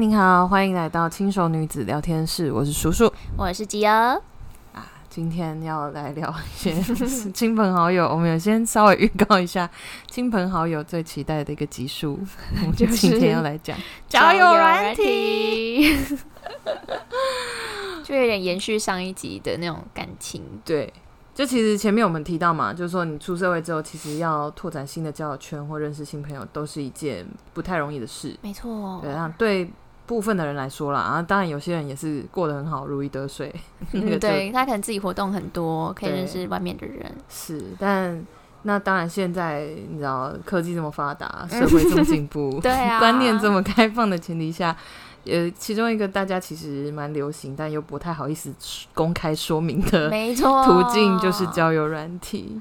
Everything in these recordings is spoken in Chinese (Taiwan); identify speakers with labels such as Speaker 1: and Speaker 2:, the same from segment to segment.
Speaker 1: 你好，歡迎來到輕熟女子聊天室。我是叔叔，我是吉兒、啊、今天要來聊一些親朋好友。 我們有先稍微預告一下，親朋好友最期待的一個集數，我們就是、 今天要來講
Speaker 2: 交友軟體， 就有點延續上一集的那種感情。
Speaker 1: 對，就其實前面我們提到嘛，就是說你出社會之後，其實要拓展新的交友圈或認識新朋友，都是一件不太容易的事。
Speaker 2: 沒錯，對、
Speaker 1: 啊、對。部分的人來說啦，啊，當然有些人也是過得很好，如魚得水。嗯、對
Speaker 2: 他可能自己活動很多，可以認識外面的人。是，但那當
Speaker 1: 然現在你知道科技這麼發達，社會這麼進步， 對啊，觀念這麼開放的前提下，呃，其中一個大家其實蠻流行，但又不太好意思公開說明的，沒錯，途徑就是交友軟體。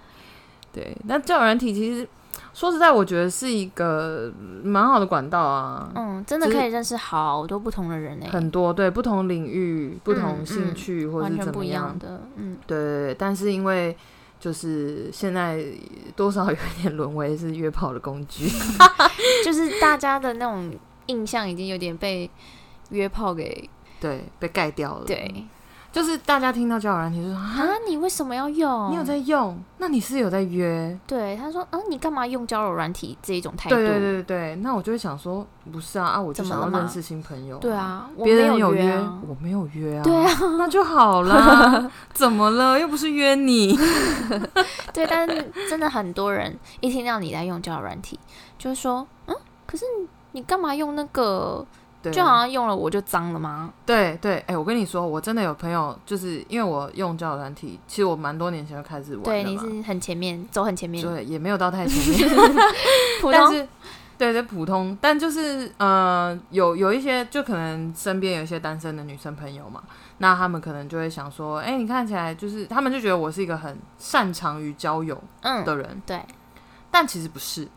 Speaker 1: 對，那交友軟體其實說實在，我覺得是一個蠻好的管道啊。嗯，真的可以
Speaker 2: 認識好多不同的人呢、欸。就是、很
Speaker 1: 多對不同領域、不同興趣、嗯嗯、或者怎麼樣，不一樣的，嗯，對。但是因為就是現在多少有點淪為是約炮的工具，
Speaker 2: 就是大家的那種印象已經有點被約炮給對，被蓋掉了。對。就是大
Speaker 1: 家聽到交友軟體就說啊，你為什麼要用？你有在用？那你是有在約？對，他
Speaker 2: 說啊、嗯，你幹嘛用交友軟體這一種態度？對對對
Speaker 1: 對，那我就會想說，不是啊啊，我就想要認識新朋友。對啊，別人有約，我沒有約，啊，我沒有約啊。對啊，那就好啦。
Speaker 2: 怎麼了？又不是約你。 對，但是真的很多人一聽到你在用交友軟體，就是說，嗯，可是你幹嘛用那個？
Speaker 1: 就好像用了我就髒了嗎？對對，哎、欸，我跟你說，我真的有朋友，就是因為我用交友軟體，其實我蠻多年前就開始玩了。對，你是很前面，走很前面。對，也沒有到太前面， 普通。但是對對，普通。但就是，呃，有有一些，就可能身邊有一些單身的女生朋友嘛，那他們可能就會想說，哎、欸，你看起來就是，他們就覺得我是一個很擅長於交友的人、嗯，對。但其實不是，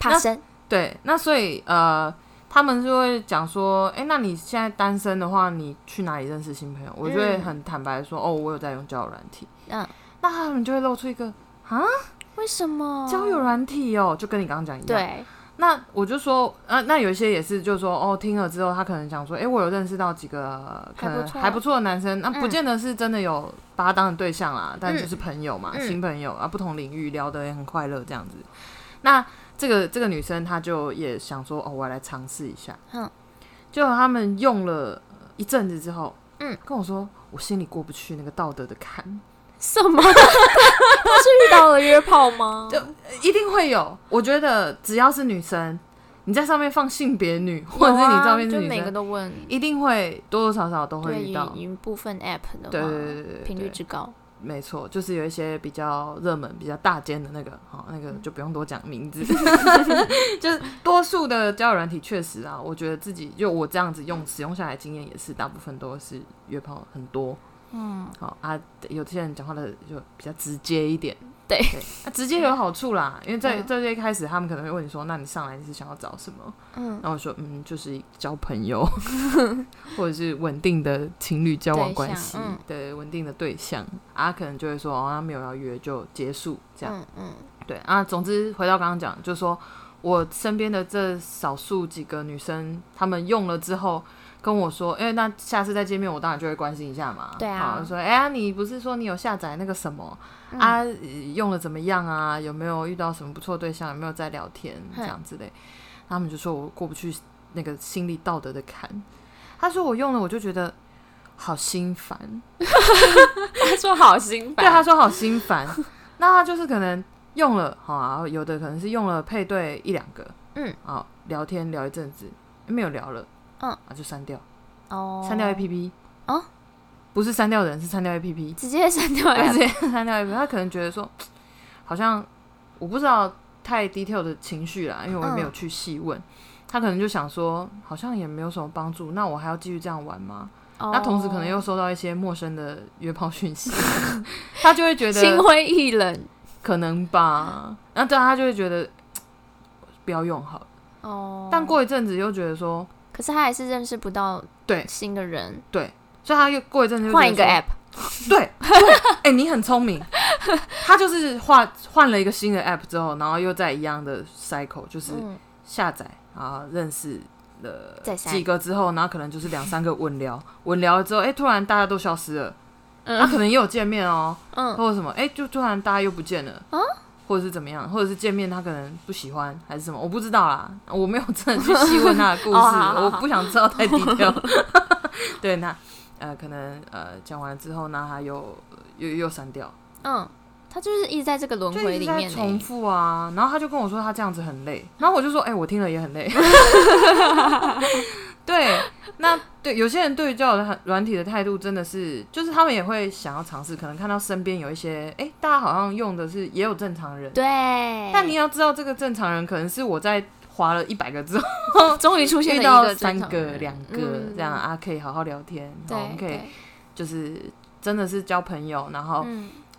Speaker 1: 怕 生。對，那所以，呃。他們就會講說，誒、欸，那你現在單身的話，你去哪裡認識新朋友？嗯、我就會很坦白的說，哦，我有在用交友軟體。嗯，那他們就會露出一個，蛤，為什麼？交友軟體哦，就跟你剛剛講一樣。對。那我就說，啊、呃，那有一些也是，就是說，哦，聽了之後，他可能想說，誒、欸，我有認識到幾個可能還不錯的男生，那不、啊啊嗯、不見得是真的有把他當成對象啦，但只是朋友嘛，嗯、新朋友、嗯、啊，不同領域聊得也很快樂這樣子。那這個這個女生，她就也想說哦，我來嘗試一下。哼、
Speaker 2: 嗯，
Speaker 1: 就他們用了一陣子之後，嗯，跟我說，我心裡過不去那個道德的坎。
Speaker 2: 什麼？ 是遇到了約炮嗎？
Speaker 1: 就一定會有。我覺得只要是女生，你在上面放性別女，或者是你照片是女、啊，就每個都問，一定會多多少少都會遇到。一部分 app 的話，對對對對，對，對，頻率之高。沒錯，就是有一些比較熱門、比較大間的那個，好、哦，那個就不用多講名字， 就是多數的交友軟體確實啊，我覺得自己就我這樣子用使用下來，經驗也是大部分都是約炮很多，嗯，好、哦、啊，有些人講話的就比較直接一點。對， 對，啊、直接有好處啦，因為在在這一開始，他們可能會問你說：“那你上來你是想要找什麼？”嗯，然後我說：“嗯，就是交朋友， 或者是穩定的情侶交往關係、嗯，對，穩定的對象。”啊，可能就會說：“哦，啊、沒有要約就結束。”這樣，嗯嗯，對啊。總之，回到剛剛講，就是說我身邊的這少數幾個女生，她們用了之後跟我說：“哎，那下次再見面，我當然就會關心一下嘛。”對啊，說：“哎、欸、呀、啊，你不是說你有下載那個什麼？”嗯、啊，用了怎麼樣啊？有沒有遇到什麼不錯對象？有沒有在聊天這樣之類的、嗯？他們就說我過不去那個心理道德的坎。他說我用了，我就覺得好心煩。
Speaker 2: 他說好心煩。對，他
Speaker 1: 說好心煩。 那他就是可能用了，好、啊，有的可能是用了配對一兩個，嗯，好聊天聊一陣子，沒有聊了，嗯，啊就刪掉，哦，
Speaker 2: 刪掉 A P
Speaker 1: P 啊。哦不是刪掉人，是刪掉 APP，直接刪掉，啊，直接刪掉 APP。他可能覺得說，好像我不知道太 detail 的情緒啦，因為我也沒有去細問，嗯。他可能就想說，好像也沒有什麼幫助，那我還要繼續這樣玩嗎，哦？那同時可能又收到一些陌生的約炮訊息， 他就會覺得心灰意冷，可能吧。然、嗯、後他就會覺得不要用好
Speaker 2: 了，哦，但過
Speaker 1: 一陣子又覺得說，可是他還是認識不到對新的人，對。對所以他又過一陣子換一個 app，對，哎、 欸，你很聰明。 他就是換換了一個新的 app 之後，然後又在一樣的 cycle，就是下載，然後認識了幾個之後，然後可能就是兩三個穩聊，穩聊了之後，哎、欸，突然大家都消失了。他、嗯啊、可能也有見面哦、喔，嗯，或者什麼，哎、欸，就突然大家又不見了、嗯，或者是怎麼樣，或者是見面他可能不喜歡還是什麼，我不知道啦，我沒有真的去細問他的故事、 哦好好好好，我不想知道太 detail 了。 對，那。呃，可能呃，講完了之後呢，他又又又刪掉。嗯，
Speaker 2: 他就是一直在這個輪回裡面重
Speaker 1: 複啊、欸。然後他就跟我說，他這樣子很累。然後我就說，哎、欸，我聽了也很累。 對，那對有些人對於交友軟體的態度，真的是，就是他們也會想要嘗試。可能看到身邊有一些，哎、欸，大家好像用的是也有正常人。對，但你要知道，這個正常人可能是我在。花了一百個之後，終於出現遇到三個、兩個、嗯、這樣啊，可以好好聊天，然後我們可以就是真的是交朋友，然後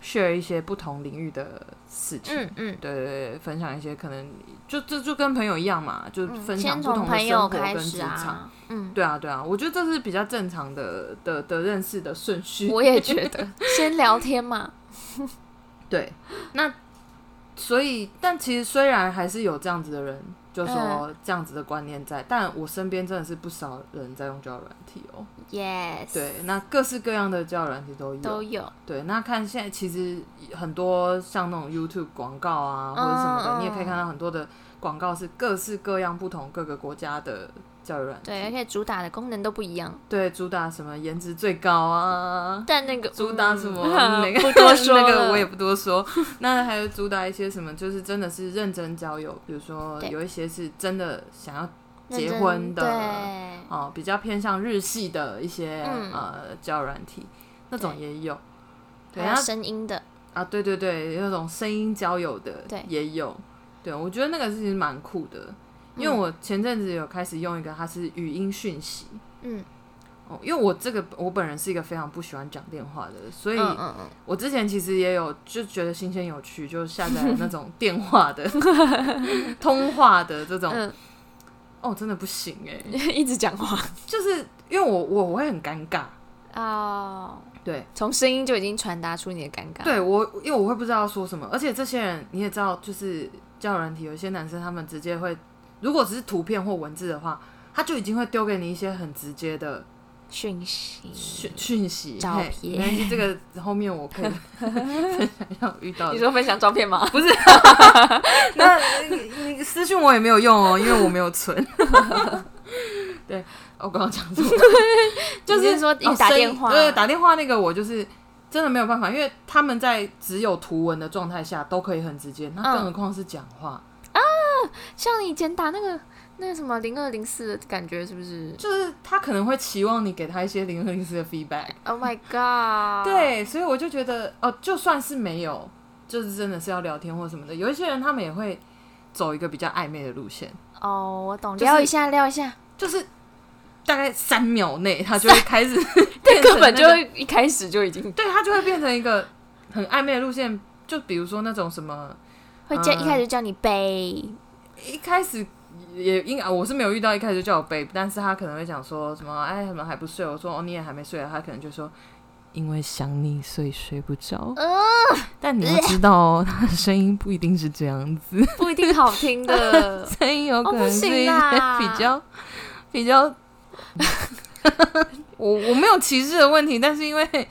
Speaker 1: share 一些不同領域的事情，嗯對，對對，分享一些可能就這就，就跟朋友一樣嘛，就分享不同的生活跟職場、啊，嗯，對啊對啊，我覺得這是比較正常的的的認識的順序，我也覺得
Speaker 2: 先聊天嘛 ，
Speaker 1: 對，
Speaker 2: 那所
Speaker 1: 以但其實雖然還是有這樣子的人。就說這樣子的觀念在，uh, 但我身邊真的是不少人在用交友軟體哦。
Speaker 2: Yes。
Speaker 1: 對，那各式各樣的交友軟體都有。都有。對，那看現在其實很多像那種 YouTube 廣告啊，oh. 或者什麼的，你也可以看到很多的廣告是各式各樣，不同各個國家的。對，
Speaker 2: 而且主打的功能都不一樣。
Speaker 1: 對，主打什麼顏值最高啊？
Speaker 2: 但那個主打什麼，嗯個啊、 那個我也不多說。 那還有主打一些什麼，
Speaker 1: 就是真的是認真交友，比如說有一些是真的想要結婚的哦，比較偏向日系的一些、嗯、呃交友軟體，那種也有。
Speaker 2: 對，還有聲音的
Speaker 1: 啊，對，對對對，那種聲音交友的，也有。對，對我覺得那個是其實蠻酷的。因為我前陣子有開始用一個，它是語音訊息，嗯，哦，因為我這個我本人是一個非常不喜歡講電話的，所以，我之前其實也有就覺得新鮮有趣，就下載了那種電話的、嗯、 通話的這種、嗯，哦，真的不行哎、欸，一直講話，就是因為我我我會很尷尬，
Speaker 2: 哦，對，從聲音就已經傳達出你的尷尬，
Speaker 1: 對我，因為我會不知道說什麼，而且這些人你也知道，就是交友軟體，有些男生他們直接會。如果只是圖片或文字的話，它就已經會丟給你一些很直接的訊息訊訊息照片。這個後面我可以分享要遇到。你說
Speaker 2: 分享照片嗎？不 是 ，
Speaker 1: 那你,你私訊我也沒有用哦，因為我沒有存。 對，我剛剛講錯了。 就是,你是說你打電話。對，打電話那個我就是真的沒有辦法，因為他們在只有圖文的狀態下都可以很直接，那更何
Speaker 2: 況是講話。嗯啊，像你以前打那個那個什麼零二零四的感覺，是不是？就是他可能會期望你給他一些零二零四的 feedback。Oh my god！對，
Speaker 1: 所以我就覺得哦，就算是沒有，就是真的是要聊天或什麼的，有一些人他們也會走一個比較曖昧的路線。
Speaker 2: 哦、oh，我懂、就是，聊一下，聊一下，就是大概三秒內他就會開始、 那個，但 根本就會一開始
Speaker 1: 就已經對，對他就會變成一個很曖昧的路線。就比如說那種什麼。會叫、嗯，一開始就
Speaker 2: 叫你背，
Speaker 1: 一開始也應，我是沒有遇到一開始就叫我背，但是他可能會講說什麼，哎，怎麼還不睡？我說哦，你也還沒睡，他可能就說，因為想你所以睡，睡不着、
Speaker 2: 呃。但你要知
Speaker 1: 道哦，呃、他的聲音不一定是這樣子，
Speaker 2: 不一定好聽的，聲音有可能是比較
Speaker 1: 比較，比較 我我沒有歧視的問題，但是因為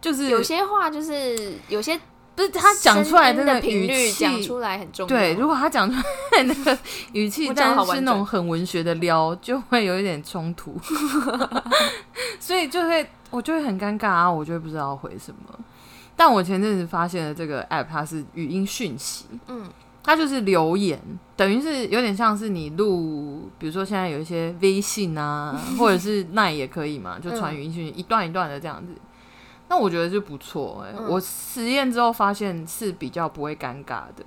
Speaker 2: 就是有些話就是有些。就是他講出來真的頻率，講出來很重要。對，如
Speaker 1: 果他講出來那個語氣， 但是是那種很文學的撩，就會有一點衝突， 所以就會我就會很尷尬啊，我就會不知道回什麼。但我前陣子發現了這個 app，它是語音訊息，嗯，它就是留言，等於是有點像是你錄，比如說現在有一些微信啊， 或者是 Line 也可以嘛，就傳語音訊息、嗯，一段一段的這樣子。那我覺得就不錯誒、欸嗯，我實驗之後發現是比較不會尷尬的。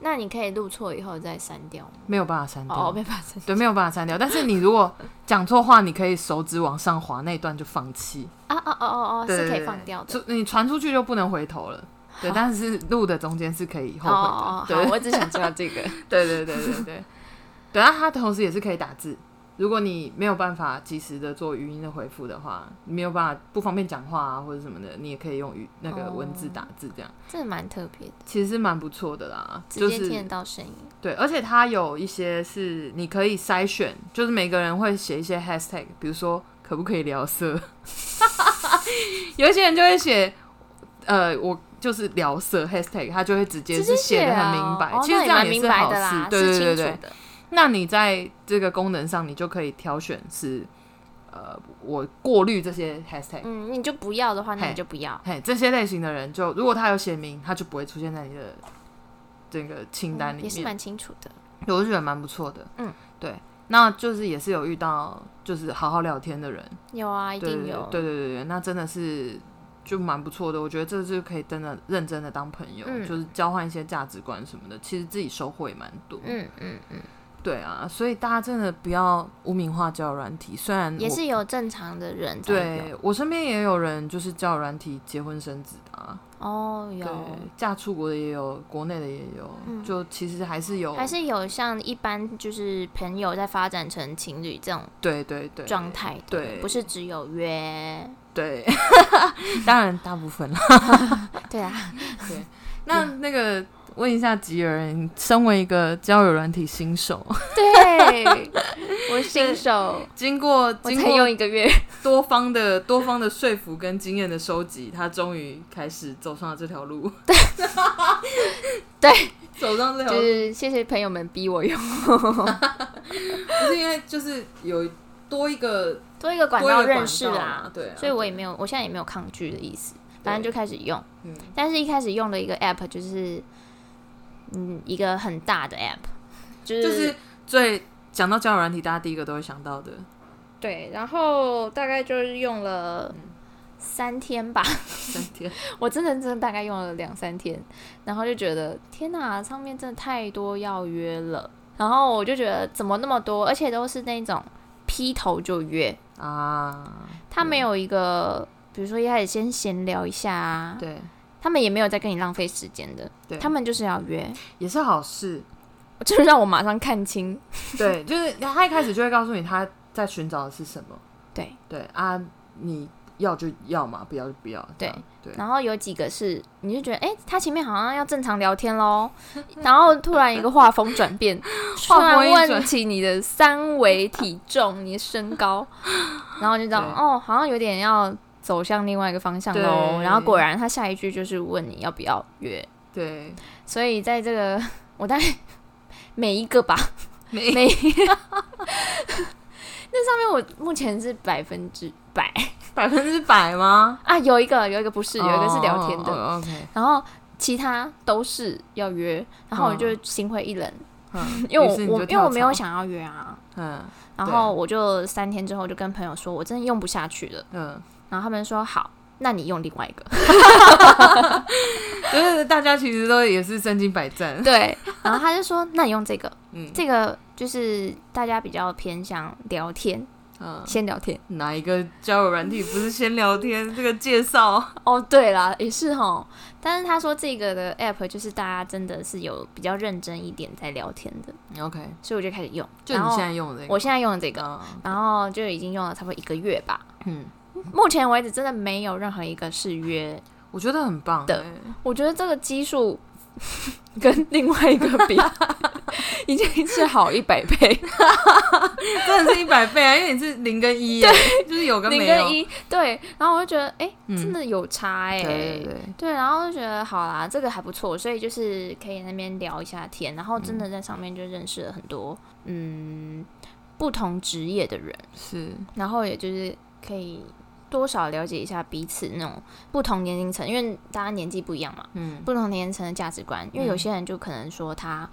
Speaker 2: 那你可以錄錯以後再刪掉
Speaker 1: 嗎？沒有辦法刪掉，哦、沒有辦法刪掉。對，沒有辦法刪掉。 但是你如果講錯話，你可以手指往上滑那一段就放棄。
Speaker 2: 啊啊哦哦哦對對對，是可以放
Speaker 1: 掉的。你傳出去就不能回頭了。對，但是錄的中間是可以後悔的。對,哦哦、對，我只想知道這個。 對,對對對對對。 對啊，它同時也是可以打字。如果你沒有辦法及時的做語音的回復的話，你沒有辦法不方便講話啊或者什麼的，你也可以用語那個文字打
Speaker 2: 字這樣，哦、這蠻特別的，
Speaker 1: 其實是蠻不錯的啦，直接聽到聲音、就是。對，而且它有一些是你可以篩選，就是每個人會寫一些 hashtag，比如說可不可以聊色，
Speaker 2: 有一些人就
Speaker 1: 會寫，呃，我就是聊色 hashtag，哦、他就會直接是寫得很明白。哦明白，其實這樣也是好事，對對對對。那你在這個功能上，你就可以挑選是，呃，我過濾這些 hashtag，
Speaker 2: 嗯，你就不要的話，那你就不要，
Speaker 1: 嘿，嘿這些類型的人就，就如果他有寫明，他就不會出現在你的這個清單裡面，嗯、也是蠻清楚的，我覺得蠻不錯的，嗯，對，那就是也是有遇到，就是好好聊天的人，
Speaker 2: 有啊，一定有，對
Speaker 1: 對對對，那真的是就蠻不錯的，我覺得這就可以真的認真的當朋友，嗯、就是交換一些價值觀什麼的，其實自己收穫也蠻多，嗯嗯嗯。嗯對啊，所以大家真的不要污名化交軟體，雖然也是有
Speaker 2: 正常的人。對，
Speaker 1: 我身邊也有人就是交軟體結婚生子的
Speaker 2: 啊。哦，有
Speaker 1: 嫁出國的也有，國內的也有，嗯，就其實還是有，還是
Speaker 2: 有像一般就是朋友在發展成情侶這種。對
Speaker 1: 對對，對，狀態對，不是
Speaker 2: 只有約。對， 當然大部
Speaker 1: 分了。 對啊，對，okay.，那那個。Yeah. 問一下吉爾，你身為一個交友軟體新手，
Speaker 2: 對，我新手經過，我才用一個月，
Speaker 1: 多方的多方的說服跟經驗的收集，他終於開始走上了這條路，
Speaker 2: 對， 對走上這條路就是謝謝朋友們逼我用，
Speaker 1: 不 是因為就是有
Speaker 2: 多一個多一個管道認識啦、啊，對、啊，所以我也沒有，我現在也沒有抗拒的意思，反正就開始用、嗯，但是一開始用的一個 app 就是。嗯，一個很大的 app，就是就是最講到交友軟體，大家第一個都會想到的。對，然後大概就是用了、嗯、三天吧，三天， 我真的真的大概用了兩三天，然後就覺得天哪、啊，上面真的太多要約了，然後我就覺得怎麼那麼多，而且都是那種劈頭就約啊，他沒有一個，比如說一開始先閒聊一下啊，對。他們也沒有在跟你浪費時間的，對，他們就是要約，也是好事。就是讓我馬上看清， 對，就
Speaker 1: 是他一開始就會告訴你他在尋找的是什麼，對對啊，你要就要嘛，不要就不要，對
Speaker 2: 對。然後有幾個是，你就覺得哎、欸，他前面好像要正常聊天嘍，然後突然一個畫風轉變， 突然問起你的三圍體重、 你的身高，然後就知道哦，好像有點要。走向另外一個方向嘍，然後果然他下一句就是問你要不要約。對，所以在這個我大概每一個吧，每一個，每一個 那上面我目前是百分之百，百分之百嗎？啊，有一個有一個不是，oh, 有一個是聊天的。Oh, oh, okay. 然後其他都是要約，然後我就心灰意冷，oh. 因為我我因為我沒有想要約啊。嗯，然後我就三天之後就跟朋友說我真的用不下去了。嗯。然後他們說好，那你用另外一個，就 是 大家其實都也是身經百戰。 對，然後他就說，那你用這個，嗯，這個就是大家比較偏向聊天，嗯，先聊天哪一個交友軟體不是先聊天？ 這個介紹哦，對啦，也是哦。但是他說這個的 app 就是大家真的是有比較認真一點在聊天的，OK。所以我就開始用，就你現在用的、這個，我現在用的這個，okay. 然後就已經用了差不多一個月吧，嗯。目前為止，真的沒有任何一個誓約，我覺得很棒，對。我覺得這個基數跟另外一個比， 已經是好一百倍， 真的是一百倍啊！因為
Speaker 1: 你是零跟一、欸，對，就是有跟沒有。零跟一,
Speaker 2: 對，然後我就覺得，哎、欸，真的有差哎、欸，嗯、對,對,對，對，然後就覺得好啦，這個還不錯，所以就是可以那邊聊一下天，然後真的在上面就認識了很多嗯,嗯不同職業的人，是，然後也就是可以。多少了解一下彼此那種不同年齡層，因為大家年紀不一樣嘛，嗯，不同年齡層的價值觀，因為有些人就可能說他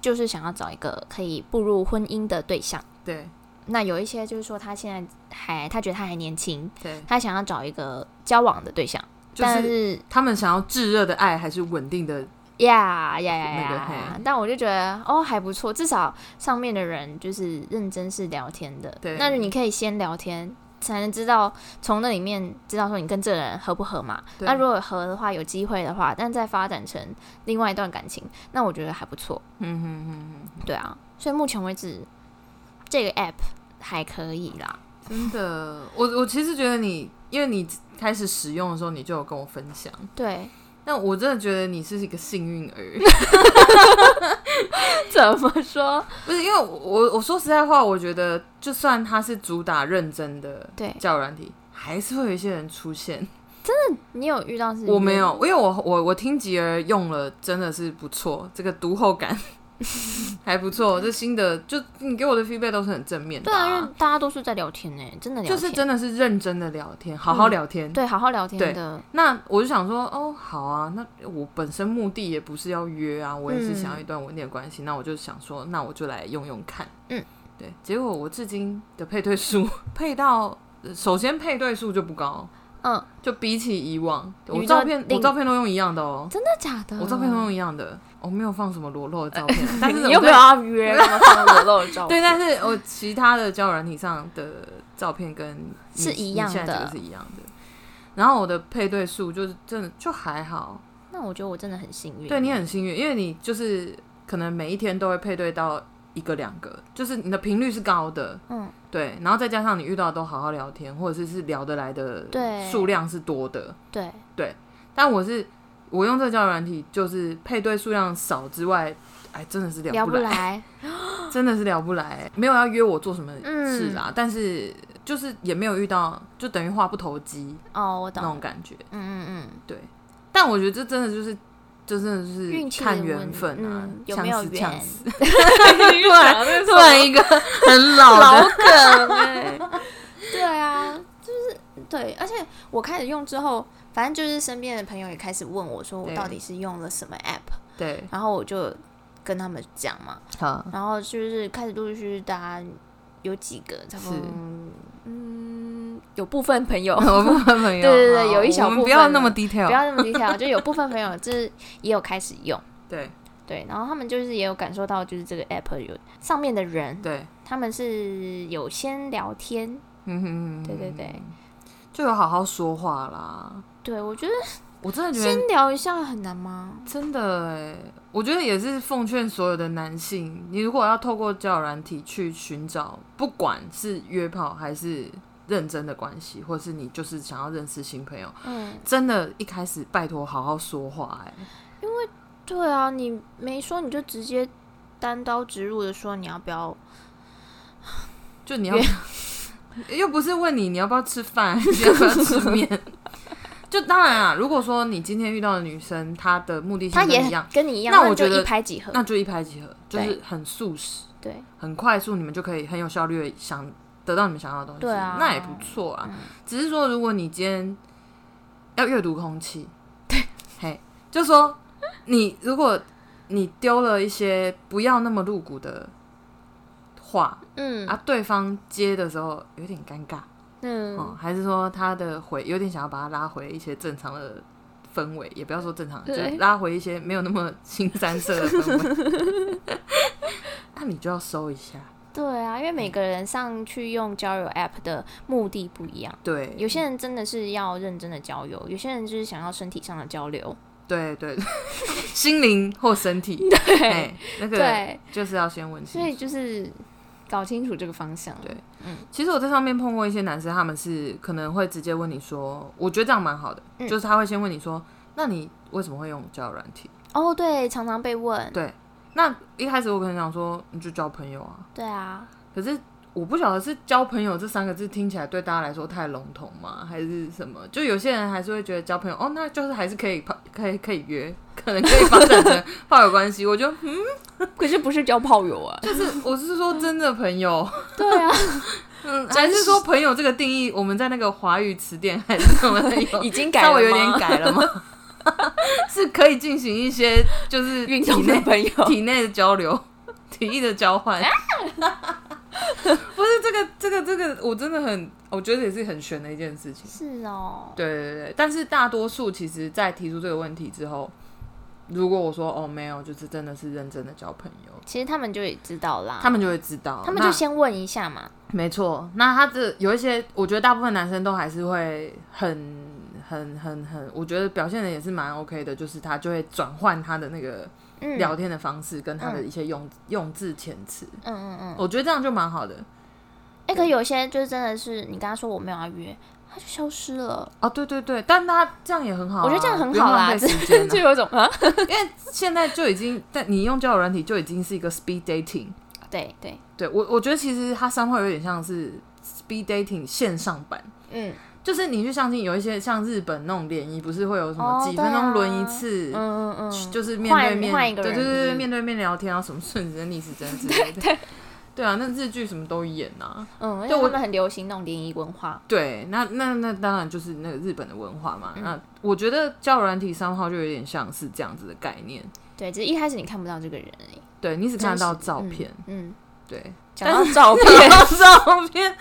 Speaker 2: 就是想要找一個可以步入婚姻的對象，對。那有一些就是說他現在還，他覺得他還年輕，對，他想要找一個交往的對象，但、就是他們想要炙熱的愛還是穩定的呀呀呀呀！但我就覺得哦還不錯，至少上面的人就是認真是聊天的，對。那就你可以先聊天。才能知道從那裡面知道說你跟這個人合不合嘛？那、啊、如果合的話，有機會的話，但再發展成另外一段感情，那我覺得還不錯。嗯哼哼哼，對啊，所以目前為止這個 app 還可以啦。
Speaker 1: 真的，我我其實覺得你，因為你開始使用的時候，你就有跟我分享。對。但我真的覺得你是一個幸運兒。 怎麼說？不是因為我，我說實在話，我覺得就算他是主打認真的交友軟體，還是會有一些人出現。
Speaker 2: 真的，你有遇到是，是？我沒有，因
Speaker 1: 為我我我，我聽吉兒用了，真的是不錯，這個讀後感。 還不錯，這新的就你給我的 feedback 都是很正面的，啊。對啊，因為大家都是在聊天呢，欸，真的聊天，就是真的是認真的聊天，好好聊天。嗯、對，好好聊天的對。那我就想說，哦，好啊，那我本身目的也不是要約啊，我也是想要一段穩定關係，嗯。那我就想說，那我就來用用看。嗯，對。結果我至今的配對數配到，呃，首先配對數就不高。嗯，就比起以往，我照片、欸、我照片都用一樣的哦，真的假的？我照片都用一樣的，我沒有放什麼裸露的照片， 又但是 你有沒有阿 V 放什麼裸露的照片？ 對，但是我其他的交友軟體上的照片跟你是一樣的，是一樣的。然後我的配對數就是真的就還好，
Speaker 2: 那我覺得我真的很幸運，對，你很
Speaker 1: 幸運，因為你就是可能每一天都會配對到。一個兩個，就是你的頻率是高的，嗯，對，然後再加上你遇到都好好聊天，或者是是聊得來的，對，數量是多的，對對，對。但我是我用這交友軟體，就是配對數量少之外，哎，真的是聊不來，不來 真的是聊不來，欸，沒有要約我做什麼事啊，嗯，但是就是也沒有遇到，就等於話不投機哦，我懂那種感覺，嗯嗯嗯，對。但我覺得這真的就是。就真的是看緣分啊、嗯，
Speaker 2: 有沒有緣？哈哈 突然一個很老的 老梗哎、欸， 對啊，就是對，而且我開始用之後，反正就是身邊的朋友也開始問我說，我到底是用了什麼 app？對，然後我就跟他們講嘛，然後就是開始陸陸續續大家有幾個，差不多嗯。有部分朋友，部分朋友，對對對， 有一小部分，我們不要那麼低調，不要那麼低調。就有部分朋友，就是也有開始用，對對。然後他們就是也有感受到，就是這個 app 有上面的人，對他們是有先聊天，嗯哼，對對對，就有好好說話啦。對我覺得，
Speaker 1: 我真的覺得，先
Speaker 2: 聊一下很難嗎？
Speaker 1: 真的哎、欸，我覺得也是奉勸所有的男性，你如果要透過交友軟體去尋找，不管是約炮還是。認真的關係，或者是你就是想要認識新朋友，嗯，真的，一開始拜托好好說話、欸，哎，因
Speaker 2: 為對啊，你沒說，你就直接單刀直入的說你要不要，就你要，又不是問你你要不要吃飯， 要不要吃麵， 就當然
Speaker 1: 啊，如果說你今天遇到的女生她的目的性也一樣也跟你一樣，那我覺得一拍即合，那，那就一拍即合，就是很速食對，對，很快速，你們就可以很有效率想得到你們想要的東西，啊、那也不錯啊、嗯。只是說，如果你今天要閱讀空氣，對，嘿，就說你如果你丟了一些不要那麼露骨的話，嗯，啊，對方接的時候有點尷尬，嗯，哦，還是說他的回有點想要把他拉回一些正常的氛圍，也不要說正常的，就拉回一些沒有那麼腥羶色的氛圍， 那你就要收一下。
Speaker 2: 對啊，因為每個人上去用交友 app 的目的不一樣。嗯、對，有些人真的是要認真的交友，有些人就是想要身體上的交流。對對， 心靈或身體。對、欸，那
Speaker 1: 個就是要先問清楚。所以
Speaker 2: 就是搞清楚這個方向。對，嗯。其
Speaker 1: 實我在上面碰過一些男生，他們是可能會直接問你說：“我覺得這樣蠻好的。嗯”就是他會先問你說：“那你為什麼會用交友軟體？”
Speaker 2: 哦，對，常常被問。對。那
Speaker 1: 一開始我可能想說，你就交朋友啊。
Speaker 2: 對啊，
Speaker 1: 可是我不曉得是交朋友這三個字聽起來對大家來說太籠統嗎，還是什麼？就有些人還是會覺得交朋友，哦，那就是還是可以可以可以約，可能可以發展成炮友關係。 我就嗯，可是不是交炮友啊，就是我是說真的朋友。 對啊， 嗯，還是說朋友這個定義，我們在那個華語詞典還是什麼 已經改稍微有點改了嗎？ 是可以進行一些
Speaker 2: 就是運動的朋友 體內
Speaker 1: 的交流，體育的交換， 不是這個、這個、這個，我真的很，我覺得也是很玄的一件事情。是哦，對對對，但是大多數其實，在提出這個問題之後，如果我說哦沒有，就是真的是認真的交
Speaker 2: 朋友，其實他們就也知道啦，他們就會知道，他們就先問一下嘛。沒錯，那
Speaker 1: 他這有一些，我覺得大部分男生都還是會很。很很很，我覺得表現的也是蠻 OK 的，就是他就會轉換他的那個聊天的方式，跟他的一些用、嗯、用字遣詞，嗯嗯嗯，我覺得這樣就蠻好的。
Speaker 2: 哎、欸，可是有些就是真的是你跟他說我沒有要約，他就消失了。啊，對對對，但他這樣也很好、啊，我覺得這樣很好啦，就
Speaker 1: 有一種啊，啊種啊 因為現在就已經但你用交友軟體就已經是一個 speed dating，對對對，我我覺得其實他三號有點像是 speed dating 線上版，嗯。就是你去相親，有一些像日本那種聯誼，不是會有什麼幾分鐘輪一次，oh, 啊面面，嗯嗯嗯，就是面對面，對面對面聊天啊， 什麼順時針、逆時針之類的。對對，對，對啊，那日劇什麼都演啊，
Speaker 2: 嗯，我們很流行那種聯誼文化。
Speaker 1: 對，那那那，那當然就是那個日本的文化嘛。嗯、那我覺得交友軟體三號就有點像是這樣子的概念。
Speaker 2: 對，就是一開始你看不到這個人，
Speaker 1: 欸，對你只看得到照片，嗯，嗯，對。講到照片，
Speaker 2: 照片，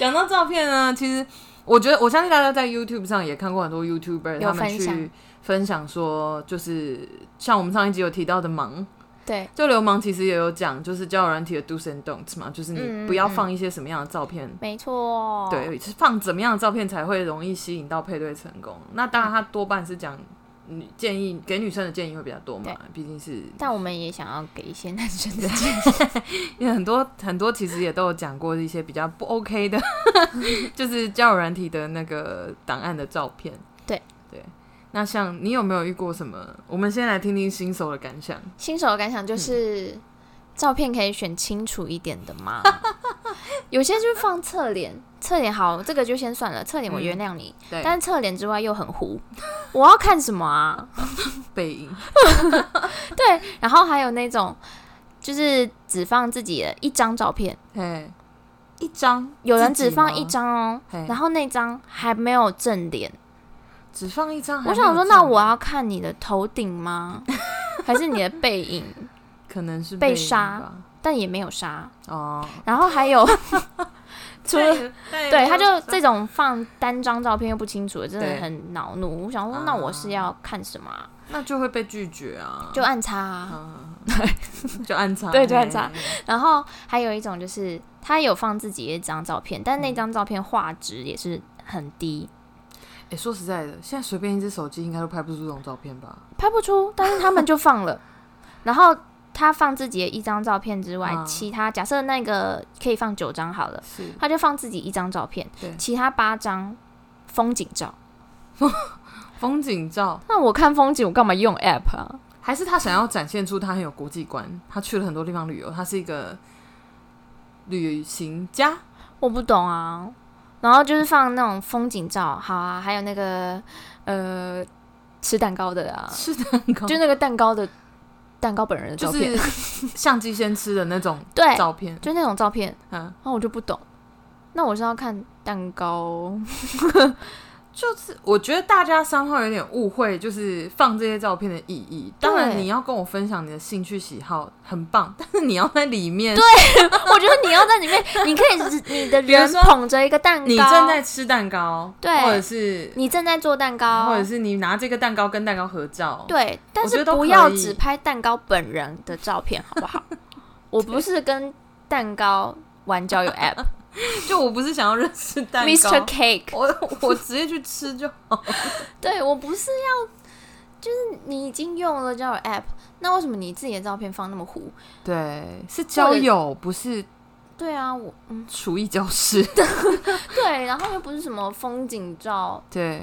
Speaker 1: 講 到照片呢，其實。我覺得我相信大家在 YouTube 上也看過很多 YouTuber，他們去分享說，就是像我們上一集有提到的“盲對”，就流氓其實也有講，就是教人體的 dos and don'ts 嘛，就是你不要放一些什麼樣的照片，
Speaker 2: 沒錯，對，是
Speaker 1: 放怎麼樣的照片才會容易吸引到配對成功。那當然，他多半是講。女建議給女生的建議會比較多嘛，畢竟是。但我們也想要給一些男生的建議， 因為很多很多其實也都有講過一些比較不 OK 的， 就是交友軟體的那個檔案的照片。對對，那像你有沒有遇過什麼？我們先來聽聽新手的感想。
Speaker 2: 新手的感想就是。嗯照片可以選清楚一點的嗎？ 有些就是放側臉，側臉好，這個就先算了。側臉我原諒你，嗯、但是側臉之外又很糊，我要看什麼啊？ 背影。 對，然後還有那種就是只放自己的一張照片，hey, 一張，有人只放一張哦。Hey, 然後那張還沒有正臉，只放一張。我想說，那我要看你的頭頂嗎？ 還是你的背影？可能是被殺，但也沒有殺哦。Oh. 然後還有， 除了對，對，對，他就這種放單張照片又不清楚，真的很惱怒。我想說，那我是要看什麼？那就會被拒絕啊，uh. 就暗、uh. 按插 對，就暗插。對，就暗插。然後還有一種就是他有放自己一張照片，但那張照片畫質也是很低。哎、嗯欸，說實在的，現在隨便一隻手機應該都拍不出這種照片吧？拍不出，但是他們就放了， 然後。他放自己的一張照片之外，啊、其他假設那個可以放九張好了是，他就放自己一張照片，對其他八張風景照。風 風景照。那我看風景，我幹嘛用 app 啊？還是他想要展現出他很有國際觀，他去了很多地方旅遊，他是一個旅行家？我不懂啊。然後就是放那種風景照，好啊，還有那個呃，吃蛋糕的啊，吃蛋糕，就那個蛋糕的。蛋糕本人的照片，相機先吃的那種照片 對，就是、那種照片，嗯、啊，然後我就不懂，那我是要看蛋
Speaker 1: 糕。 就是我覺得大家三號有點誤會，就是放這些照片的意義。當然你要跟我分享你的興趣喜好，很棒。但是你要在裡面對，對 我覺得你要在裡面，你可以你的人捧
Speaker 2: 着一個蛋糕，你正在吃蛋糕，
Speaker 1: 對，或者是
Speaker 2: 你正在做蛋糕，或者是
Speaker 1: 你拿這個蛋糕跟蛋糕合照。對，但是我都不要只拍蛋糕本人
Speaker 2: 的照片，好不好？ 我不是跟蛋糕玩交友 app。 就我不是想要認識蛋糕，Mr. Cake，我我直接去
Speaker 1: 吃就好。
Speaker 2: 對，我不是要，就是你已經用了交友 App，那為什麼你自己的照片放那麼糊？
Speaker 1: 對，是交友不是？
Speaker 2: 對啊，我嗯，
Speaker 1: 廚藝教室。
Speaker 2: 對，然後又不是什麼風景照，對，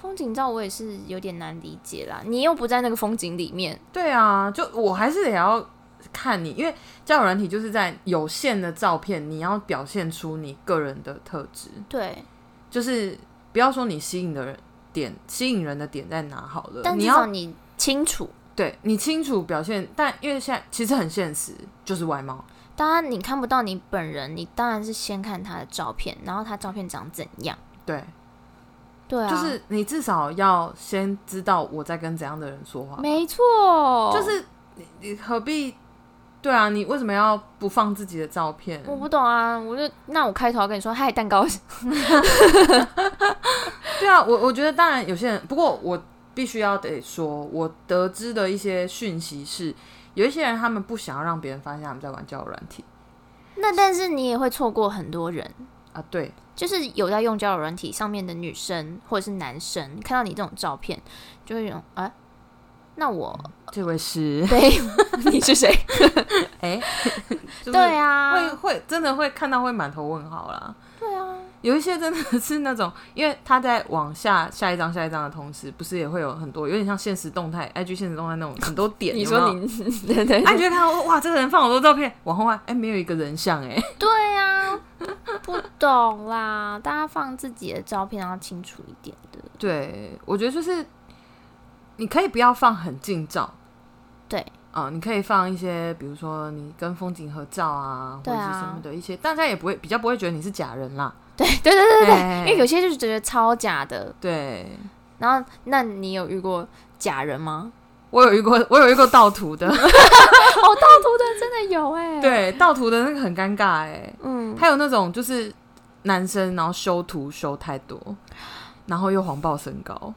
Speaker 2: 風景照我也是有點難理解啦。你又不在那個風景裡
Speaker 1: 面，對啊，就我還是得要。看你，因為交友軟體就是在有限的照片，你要表現出你個人的特質。對，就是不要說你吸引的人點，吸引人的點在哪好了。但你要你
Speaker 2: 清楚，對你清楚表現，但因為現在其實很現實，就是外貌。當然你看不到你本人，你當然是先看他的照片，然後他照片長怎樣。對，對啊，就是你至少要先
Speaker 1: 知道我在跟怎樣的人說話。
Speaker 2: 沒錯，就是你，你何必？
Speaker 1: 對啊，你為什麼要不放自己的照片？我不
Speaker 2: 懂啊，我就那我開頭要跟你說，嗨，蛋糕。
Speaker 1: 對啊，我我覺得當然有些人，不過我必須要得說，我得知的一些訊息是，有一些人他們不想
Speaker 2: 要讓別人發現他們在玩交友軟體。那但是你也會錯過很多人啊，對，就是有在用交友軟體上面的女生或者是男生，看到你這種照片，就會有啊。那我、嗯、這位是，你是誰？哎、 欸
Speaker 1: 就是，對啊，會會真的會看到會滿頭問號啦。對啊，有一些真的是那種，因為他在往下下一張下一張的同時，不是也會有很多有點像現實動態 IG 現實動態那種很多點。你說你有有 對，對，對對，哎，覺得他哇，這個人放好多照片，往後啊，哎、欸，沒有一個人像哎、欸。
Speaker 2: 對啊，不懂啦，大家放自己的照片要清楚一點的。
Speaker 1: 對，我覺得就是。你可以不要放很近照，對啊、呃，你可以放一些，比如說你跟風景合照啊，或者是什麼的一些，大家也不會比較不會覺得你是假人啦。對對對對對，對、欸，因
Speaker 2: 為有些就是覺得超假的。對，然後那你有遇過假人嗎？
Speaker 1: 我有遇過，我有遇過盜圖的。 哦，盜圖
Speaker 2: 的真的有哎、欸，對，
Speaker 1: 盜圖的那個很尷尬哎、欸。嗯，還有那種就是男生然後修圖修太多，然後又謊報身高。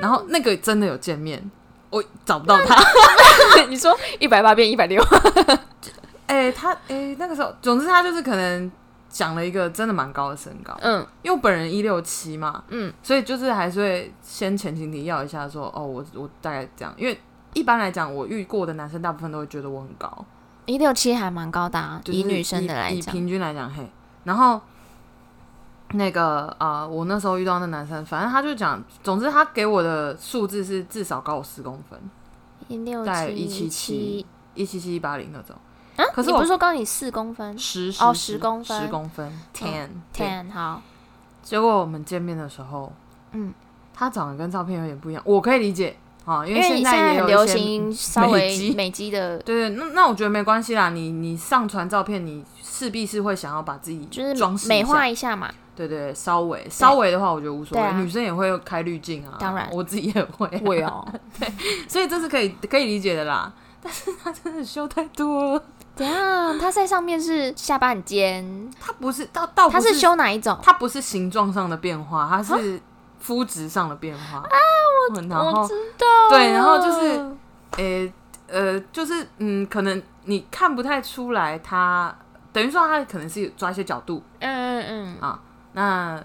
Speaker 1: 然後那個真的有見面，我、哦、找不到他。 你
Speaker 2: 說一百八變一百
Speaker 1: 六，哎、 欸，他哎、欸，那個時候，總之他就是可能講了一個真的蠻高的身高。嗯，因為本人一六七嘛，嗯，所以就是還是會先前情提要一下說，說哦，我我大概這樣，因為一般來講我遇過的男生大部分都會覺得我很高，
Speaker 2: 一六七還蠻高的、就是，以女生的來講，以平均來講嘿，然後。
Speaker 1: 那個啊、呃，我那時候遇到那男生，反正他就講，總之他給我的數字是至少高我十公分，
Speaker 2: 一六七一七七
Speaker 1: 一七七一八零那種。嗯、啊，可是我不是說
Speaker 2: 高你四公分，十哦十公分十公分 ten ten
Speaker 1: 好。結果我們見面的時候，嗯，他長得跟照片有點不一樣，我可以理解啊，因為現在也現在很流行稍微美肌
Speaker 2: 美肌的，對對，對，
Speaker 1: 那那我覺得沒關係啦，你你上傳照片你。勢必是會想要把自己就是裝飾美化一下嘛，對對，稍微稍微的話，我覺得無所謂。啊，女生也會開濾鏡啊，當然我自己也會，啊。哦， 對哦，對，所以這是可以可以理解的啦 。
Speaker 2: 但是他真的修太多了，怎樣？他在上面是下半肩， 他不是到到，他是修哪
Speaker 1: 一種？他不是形狀上的變化，他是膚質上的變化啊！我我知
Speaker 2: 道，對，然後就是，
Speaker 1: 欸，誒呃，就是嗯，可能你看不太出來他。等於說他可能是抓一些角度，嗯嗯嗯啊，那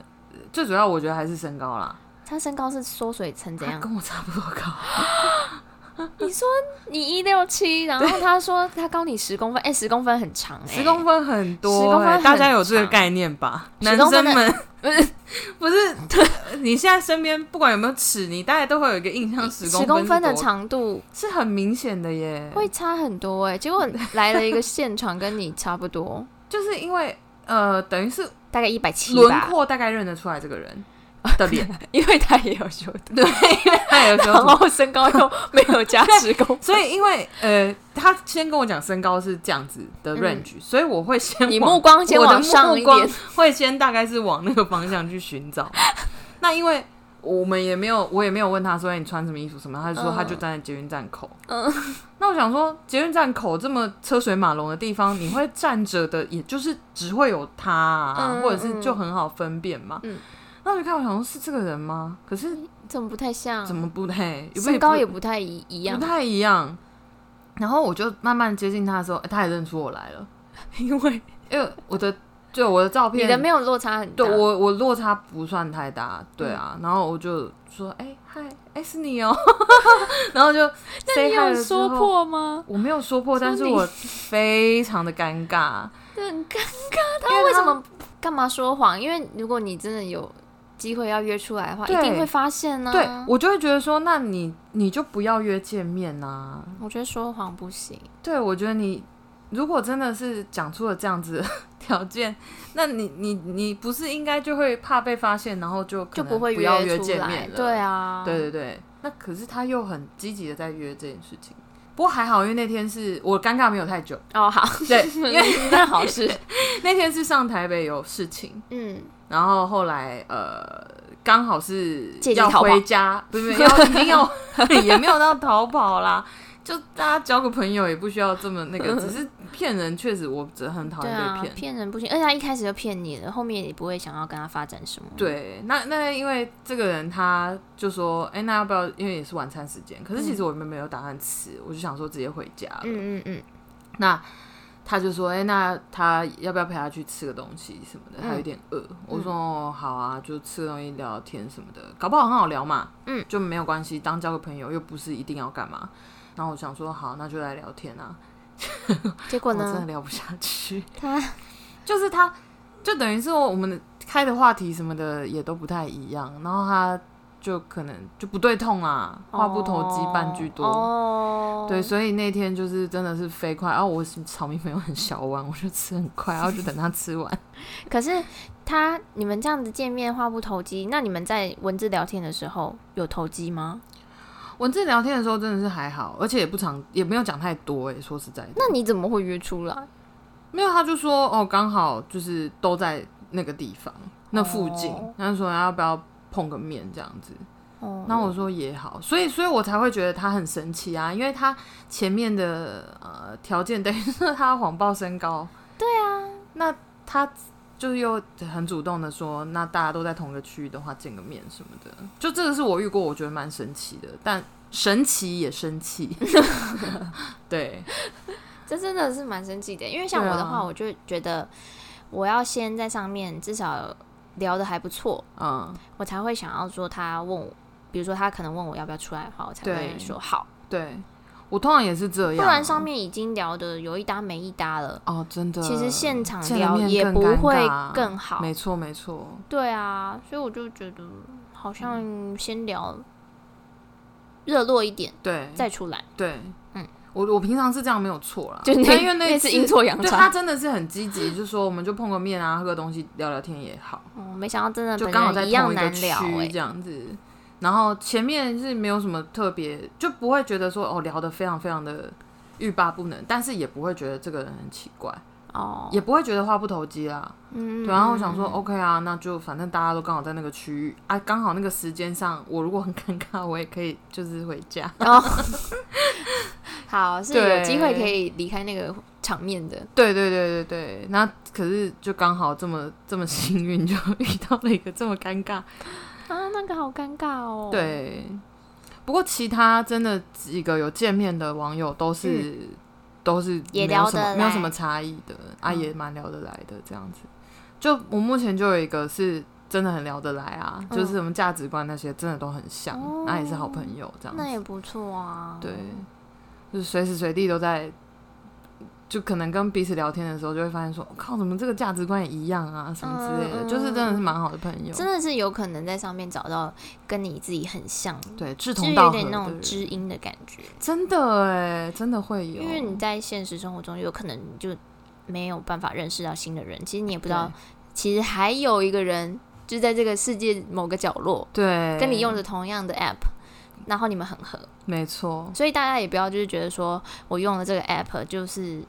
Speaker 1: 最主要我覺得還是身高啦。他身高是縮水成怎樣？
Speaker 2: 跟我差不多高。 你說你一六七，然後他說他高你十公分，哎、欸欸欸，十公分很長哎，十公分很多，十公分，大家
Speaker 1: 有這個概念吧，男生們。
Speaker 2: 不是不是，你現在身邊不管有沒有尺，你大
Speaker 1: 概都會有一個印象十公，十、欸、十公分的長
Speaker 2: 度是很明顯的耶，會差很多哎、欸。結果來了一個現場，跟你差不多，
Speaker 1: 就是因為呃，等於是大概一百七，輪廓大概認得出來這個人。的臉， 因為他也有說，對，因為他也有時候 身高又沒有加持功， 所以因為呃，他先跟我講身高是這樣子的 range，、嗯、所以我會先往你目光先往上，我的目光會先大概是往那個方向去尋找。 那因為我們也沒有，我也沒有問他，說你穿什麼衣服什麼，他就說他就站在捷運站口。嗯，那我想說，捷運站口這麼車水馬龍的地方，你會站着的，也就是只會有他、啊嗯，或者是就很好分辨嘛。嗯。那你我看，想說是這個人嗎？可是怎麼不太像？怎麼不太、欸？身高也不，、欸、也，不也不
Speaker 2: 太一樣。不太一
Speaker 1: 樣。然後我就慢慢接近他的時候，欸、他也認出我來了，因為因為我的就我的照片，你的沒有落差很多。對我我落差不算太大，對啊。嗯、然後我就說，哎、欸，
Speaker 2: 嗨，哎、欸、是你哦、喔。
Speaker 1: 然後就 那你有說破嗎？我沒有說破，說但是我非常的尷尬，
Speaker 2: 很尷尬。他為什麼幹嘛說謊？因為如果你真的有。機會要約出來的話，一定會發現呢、啊。對我
Speaker 1: 就會覺得說，那你你就不要約見面吶、啊。我覺得說謊不行。對，我覺得你如果真的是講出了這樣子條 件，那你你你不是應該就會怕被發現，然後就可能就不會約不要約見面了？對啊，對對對。那可是他又很積極的在約這件事情。不過還好，因為那天是我尷尬沒有太久
Speaker 2: 哦，好，對，因為 那好是
Speaker 1: 事 那天是上台北有事情，嗯，然後後來呃，剛好是要回家，階階，不不，一定要，要 也沒有到逃跑啦。就大家交個朋友也不需要這麼那個， 只是騙人確實我只很討厭被騙，對啊、
Speaker 2: 騙人不行。而且他一開始就騙你了，後面也不會想要跟他發展什麼。對，那那因為這個人他
Speaker 1: 就說，哎、欸，那要不要？因為也是晚餐時間，可是其實我們沒有打算吃、嗯，我就想說直接回家了。嗯嗯嗯。那他就說，哎、欸，那他要不要陪他去吃個東西什麼的？嗯、他有點餓。我說、嗯哦，好啊，就吃個東西聊聊天什麼的，搞不好很好聊嘛。嗯，就沒有關係，當交個朋友又不是一定要幹嘛。然後我想說好，那就來聊天啊。結果呢 我真的聊不下去。他 就是他，就等於是我們開的話題什麼的也都不太一樣，然後他就可能就不對痛啊，話不投機半句多。
Speaker 2: 哦。對，
Speaker 1: 所以那天就是真的是飛
Speaker 2: 快。哦，我是草莓粉又很小碗，我就吃很快，然後就等他吃完。可是他，你們這樣子見面，話不投機，那你們在文字聊天的時候有投機嗎？文字聊天的時候真的是還好，而且也不常，也沒有講太多，欸。誒，說實在的，
Speaker 1: 那你怎麼會約出來？沒有，他就說哦，剛好就是都在那個地方
Speaker 2: 那附近，
Speaker 1: 他，oh. 就說要不要碰個面這樣子。
Speaker 2: 哦，那我說
Speaker 1: 也好，所以所以，我才會覺得他很神奇啊，因為他前面的呃條件等於說，他謊報身高。對啊，那他。就是又很主動的說，那大家都在同一個區域的話，見個面什麼的，就這個是我遇過，我覺得蠻神奇的。但神奇也生氣， 對，
Speaker 2: 這真的是蠻生氣的。因為像我的話，我就覺得我要先在上面至少聊得還不錯，嗯，我才會想要說他問我，比如說他可能問我要不要出來的話，我才會說好，對。對我通常也是這樣，不然上面已經聊得有一搭沒一搭了。哦，真的，其實現場聊也不會更好。沒錯，沒錯。對啊，所以我就覺得好像先聊
Speaker 1: 熱、嗯、絡一點，對，再出來。對，嗯，我我平常是這樣，沒有錯啦。就因為那一次陰錯陽差，他真的是很積極，就說我們就碰個面啊， 喝個東西聊聊天也
Speaker 2: 好。哦、嗯，沒想到真的就剛好在一樣難聊、欸，這樣子。
Speaker 1: 然後前面是沒有什麼特別，就不會覺得說哦，聊得非常非常的欲罷不能，但是也不會覺得這個人很奇怪哦，也不會覺得話不投機啦、啊，嗯。
Speaker 2: 對，然後我想說
Speaker 1: ，OK 啊，那就反正大家都剛好在那個區域啊，剛好那個時間上，我如果很尷尬，我也可以就是回家。然、哦、
Speaker 2: 後， 好是有機會可以離開那個場面的。對
Speaker 1: 對對，對對對對，那可是就剛好這麼這麼幸運，就遇到了一個這麼尷尬。
Speaker 2: 啊，那個好尷尬哦。對，
Speaker 1: 不過其他真的幾個有見面的網友都是，嗯、都是沒有什麼、也聊得來、沒有什麼差異的啊，也蠻聊得來的這樣子、嗯。就我目前就有一個是真的很聊得來啊，嗯、就是什麼價值觀那些真的都很像，那、嗯、也是好朋友這樣子，那
Speaker 2: 也不錯啊。對，
Speaker 1: 就是隨時隨地都在。就可能跟彼此聊天的時候，就會發現說，靠，怎麼這個價值觀也一樣啊，什麼之類的，uh, 就是真的是蠻好的朋友，真的
Speaker 2: 是有可能在上面找到跟你自己很像，對，志同道合的那種知音的感覺，真的哎、欸，真的會有，因為你在現實生活中有可能就沒有辦法認識到新的人，其實你也不知道，其實還有一個人就在這個世界某個角落，對，跟你用着同樣的 app，然後你們很合，沒錯，所以大家也不要就是覺得說我用了這個 app 就是。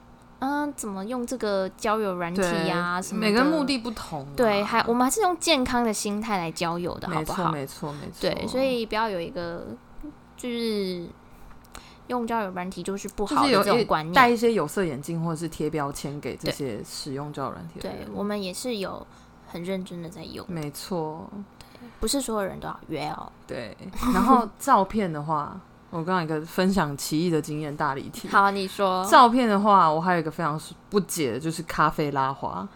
Speaker 2: 啊，怎麼用這個交友軟體呀？啊？什麼每個目的不同，啊，對，還我們還是用健康的心態來交友的沒，好不好？沒錯，沒錯，對，所以不要有一個就是用交友軟體就是不好的這種觀念，就是，戴一些有
Speaker 1: 色眼鏡或者是貼標籤給這些使用交友軟體的人對。對，我
Speaker 2: 們也是有很認真的在用，沒錯，不是所有人都要
Speaker 1: 約哦。對，然後 照片的話。我剛剛一個分享奇異的經驗大離題。好，
Speaker 2: 你說。照
Speaker 1: 片的話，我還有一個非常不解的，的就是咖啡拉花，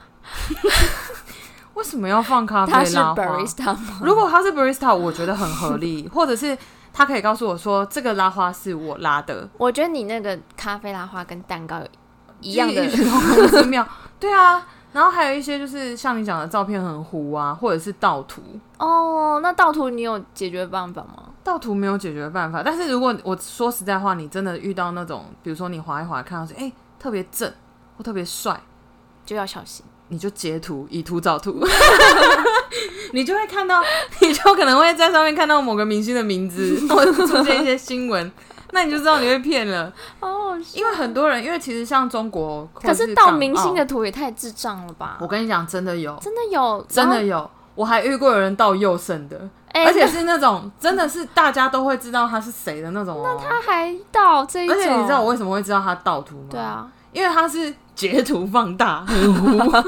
Speaker 2: 為 什
Speaker 1: 麼要放咖啡拉花？他是如果他是 barista，我覺得很合理， 或者是他可以告訴我
Speaker 2: 說這個拉花是我拉的。我覺得你那個咖啡拉花跟蛋糕一樣玄妙。 對啊，然後還有一些就是像你講的照片很
Speaker 1: 糊啊，或者是盜圖。
Speaker 2: 哦、oh，那盜圖你有解決辦法嗎？盜圖沒有
Speaker 1: 解決辦法，但是如果我說實在話，你真的遇到那種，比如說你滑一滑看，看到是哎，特別正或特別帥，就要小心，你就截圖以圖找圖， 你就會看到，你就可能會在上面看到某個明星的名字 或出現一些新聞， 那你就知道你會騙了哦。因為很多人，因為其實像中國，是可是盜明星的
Speaker 2: 圖也太智障了吧？我
Speaker 1: 跟你講，真的有，真
Speaker 2: 的有，真的
Speaker 1: 有。我還遇過有人盜宥勝的、
Speaker 2: 欸，而且是那種那真的是大家都會
Speaker 1: 知道他是誰的那種、哦。
Speaker 2: 那他還盜這一種，而且你知道我為
Speaker 1: 什麼會知道他盜圖嗎？
Speaker 2: 對
Speaker 1: 啊，因為他是截圖放大很糊、啊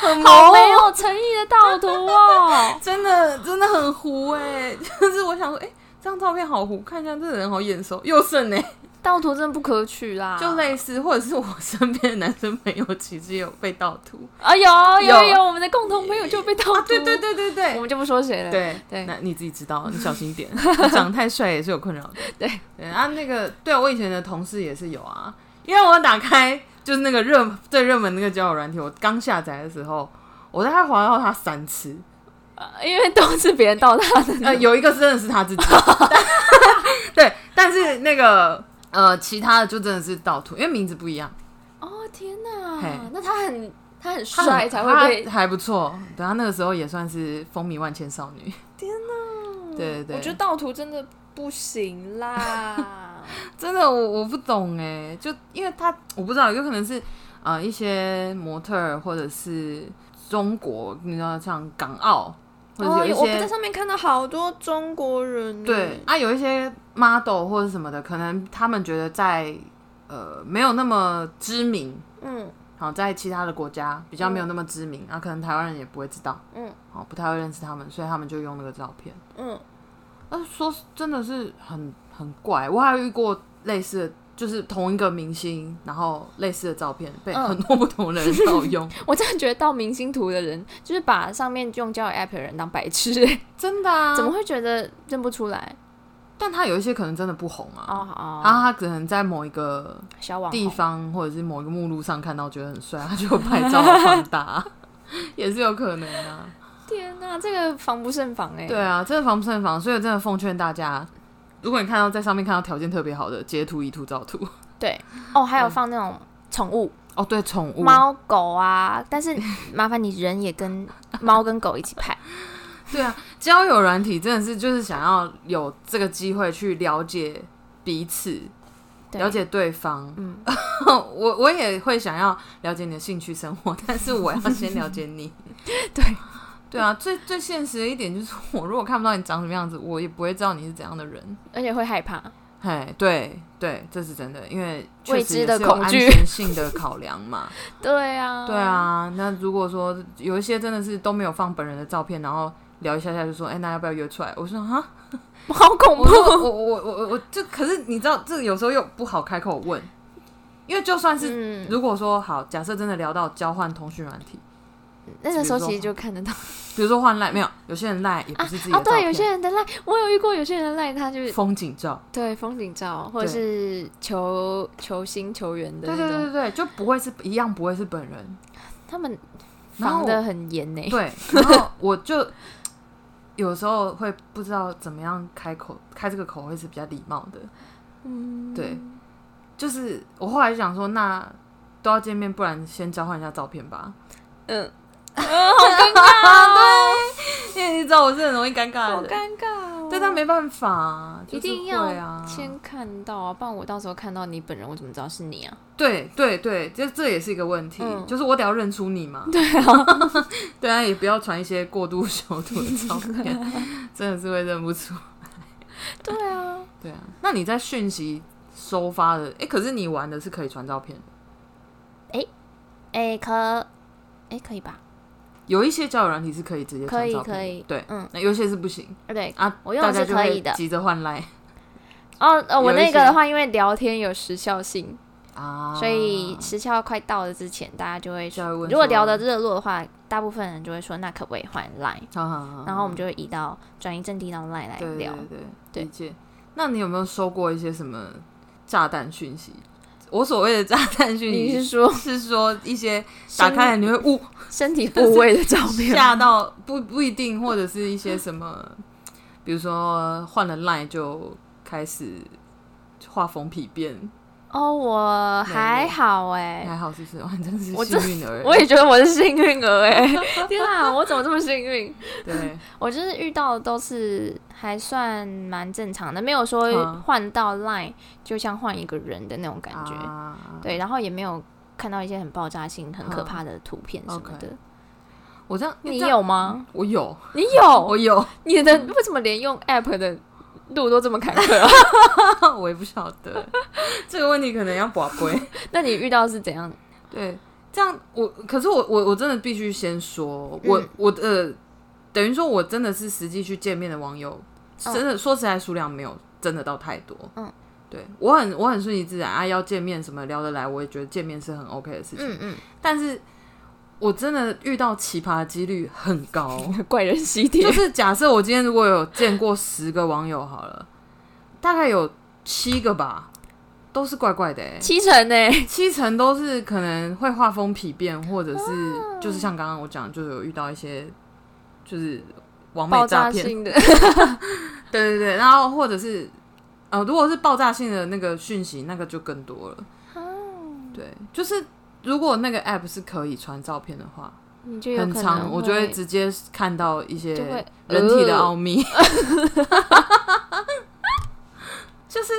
Speaker 1: 很糊啊，好沒有誠意的盜圖哦，哦 真的真的很糊哎、欸， 就是我想說，哎、欸，這張照片好糊，看一下這個人好眼熟，宥勝哎、欸。
Speaker 2: 盜圖真的不可取啦！
Speaker 1: 就類似，或者是我身邊的男生朋友，其實有被盜圖。哎、啊、呦，有有，有，有我們的共同朋友就被盜圖。欸啊、對，對對對對，我們就不說誰了。對對，那你自己知道，你小心一點。嗯、長得太帥也是有困擾的。 對對啊，那個對我以前的同事也是有啊。因為我打開就是那個熱最熱門那個交友軟體，我剛下載的時候，我大概滑到他三次，
Speaker 2: 呃、因為都是別人盜他
Speaker 1: 的。呃，有一個真的是他自己。 對，但是那個。呃，其他的就真的是盜圖，因為名字不一樣。
Speaker 2: 哦、oh, 天哪，那他很他很帥，才會被還還不
Speaker 1: 錯。對他那個時候也算是風靡萬千少女。天哪，對對對，我覺得盜圖真的不行啦。 真的，我我不懂哎，就因為他我不知道，有可能是呃一些模特兒或者是中國，你知道像港澳。哦，我在上
Speaker 2: 面看到好多中國人。對，
Speaker 1: 啊，有一些 model 或者什麼的，可能他們覺得在呃沒有那麼知名，嗯，好，在其他的國家比較沒有那麼知名，嗯、啊，可能台灣人也不會知道，嗯，好，不太會認識他們，所以他們就用那個照片，嗯，但、啊、是說真的是很很怪，我還有遇過類似的。就是同一個明
Speaker 2: 星，然後類似的照片被很多不
Speaker 1: 同的人盜用。
Speaker 2: 嗯、 我真的覺得盜明星圖的人，就是把上面用交友 App 的人當白痴、欸。真的啊？怎麼會覺得認不出來？
Speaker 1: 但他有一些可能真的不紅啊，啊、哦，好好他可能在某一個小地方小網或者是某一個目錄上看到覺得很帥，他就拍照放大， 也是有可能啊。
Speaker 2: 天哪、啊，這個防不勝防哎、欸。對啊，
Speaker 1: 真的防不勝防，所以我真的奉勸大家。如果你看到在上面看到條件特別好的截圖，以圖照圖
Speaker 2: 對哦，還有放那種寵物、嗯、哦，對，寵物貓狗啊，但是麻煩你人也跟貓跟狗一起拍。 對啊，交友軟體真的是就是想要
Speaker 1: 有這個機會去了解彼此，對，了解對方。嗯， 我我也會想要了解你的興趣生活，但是我要先了解你。 對。對啊，最最現實的一點就是，我如果看不到你長什麼樣子，我也不會知道你是怎樣的人，而且會害怕。嘿、hey，對對，這是真的，因為未知的有安全性的考量嘛。 對啊，對啊。那如果說有一些真的是都沒有放本人的照片，然後聊一下下就說，哎，那要不要約出來？我說蛤，好恐怖！我我我我我，我我我就可是你知道，這個有時候又不好開口問，因為就算是、嗯、如果說好，假設真的聊到交換通訊軟體。
Speaker 2: 那個時候其實就看得到
Speaker 1: 比，比如說換賴沒有？有些人賴也不是自己的啊，啊，對，有
Speaker 2: 些人的賴我有遇過，有些人賴他就是風景照，對，風景照，或者是球球星球員的，對對對
Speaker 1: 對，就不會是一樣，不會是本人，
Speaker 2: 他們防的很
Speaker 1: 嚴呢、欸。對，然後我就有時候會不知道怎麼樣開口開這個口會是比較禮貌的，嗯，對，就是我後來就想說，那都要見面，不然先交換一下照片吧，嗯。 呃、好尷尬！
Speaker 2: 對，因為你知道我是很容易尷尬的，好尷尬、哦。對但沒辦法、就是啊，一定要先看到啊，不然我到時候看到你本人，我怎麼知道是你啊？
Speaker 1: 對對對，這
Speaker 2: 這也是一個問題、嗯，就是我得要認出你嘛。
Speaker 1: 對啊， 對啊，也不要傳一些過度修圖的照片， 啊、真的是會認不出來。 對啊，對啊。
Speaker 2: 對啊，
Speaker 1: 那你在訊息收發的，哎、欸，可是你玩的是可以傳照片的，哎、欸、哎、欸、
Speaker 2: 可哎、欸、可以吧？
Speaker 1: 有一些交友軟體是可以直接傳照片，可以可以，對，嗯，那有些
Speaker 2: 是不行，對啊，我用的是可以的。急着換賴哦，我那個的話，因為聊天有時效性啊，所以時效快到了之前，大家就會說，如果聊得熱絡的話，大部分人就會說，那可不可以換賴？然後我們就會移到轉移陣地，讓賴來聊。對對，對，對，對，那你有沒有收過一些什麼炸彈訊息？我所
Speaker 1: 謂的炸彈訊，你是說是說一些打開來你會誤身體部位的照片，嚇到不不一定，或者是一些什麼，比如說換了賴就開始畫風丕變。
Speaker 2: 哦、oh,，我還好哎、欸，還好是是，我真是幸運兒。我也覺得我是幸運兒哎、欸， 天吶、啊，我怎麼這麼幸運？對， 我就是遇到的都是還算蠻正常的，沒有說換到 Line、啊、就像換一個人的那種感覺、啊。對，然後也沒有看到一些很爆炸性、很可怕的圖片什麼的。啊 okay. 我這樣,這樣，你有嗎？我有，你有，我有。你的 你為什麼連用 App 的？路都這麼坎坷、啊，
Speaker 1: 我也不曉得 這個問題可能要跋杯。
Speaker 2: 那你遇到的是怎樣？嗯、對，
Speaker 1: 這樣我，可是我，我我真的必須先說，我我的、呃、等於說，我真的是實際去見面的網友，嗯、真的說實在數量沒有真的到太多。嗯對，對我很，我很順其自然啊，要見面什麼聊得來，我也覺得見面是很 OK 的事情。嗯，嗯，但是。我真的遇到奇葩的幾率很高，怪人洗點，就是假設我今天如果有見過十個網友好了，大概有七個吧，都是怪怪的，七成呢，七成都是可能會畫風丕變，或者是就是像剛剛我講，就有遇到一些就是網美詐騙，對對對，然後或者是、呃、如果是爆炸性的那個訊息，那個就更多了，對，就是。如果那個 app 是可以傳照片的話，你就
Speaker 2: 有可能，很常我就會
Speaker 1: 直接看到一些人體的奧秘，呃呃、 就是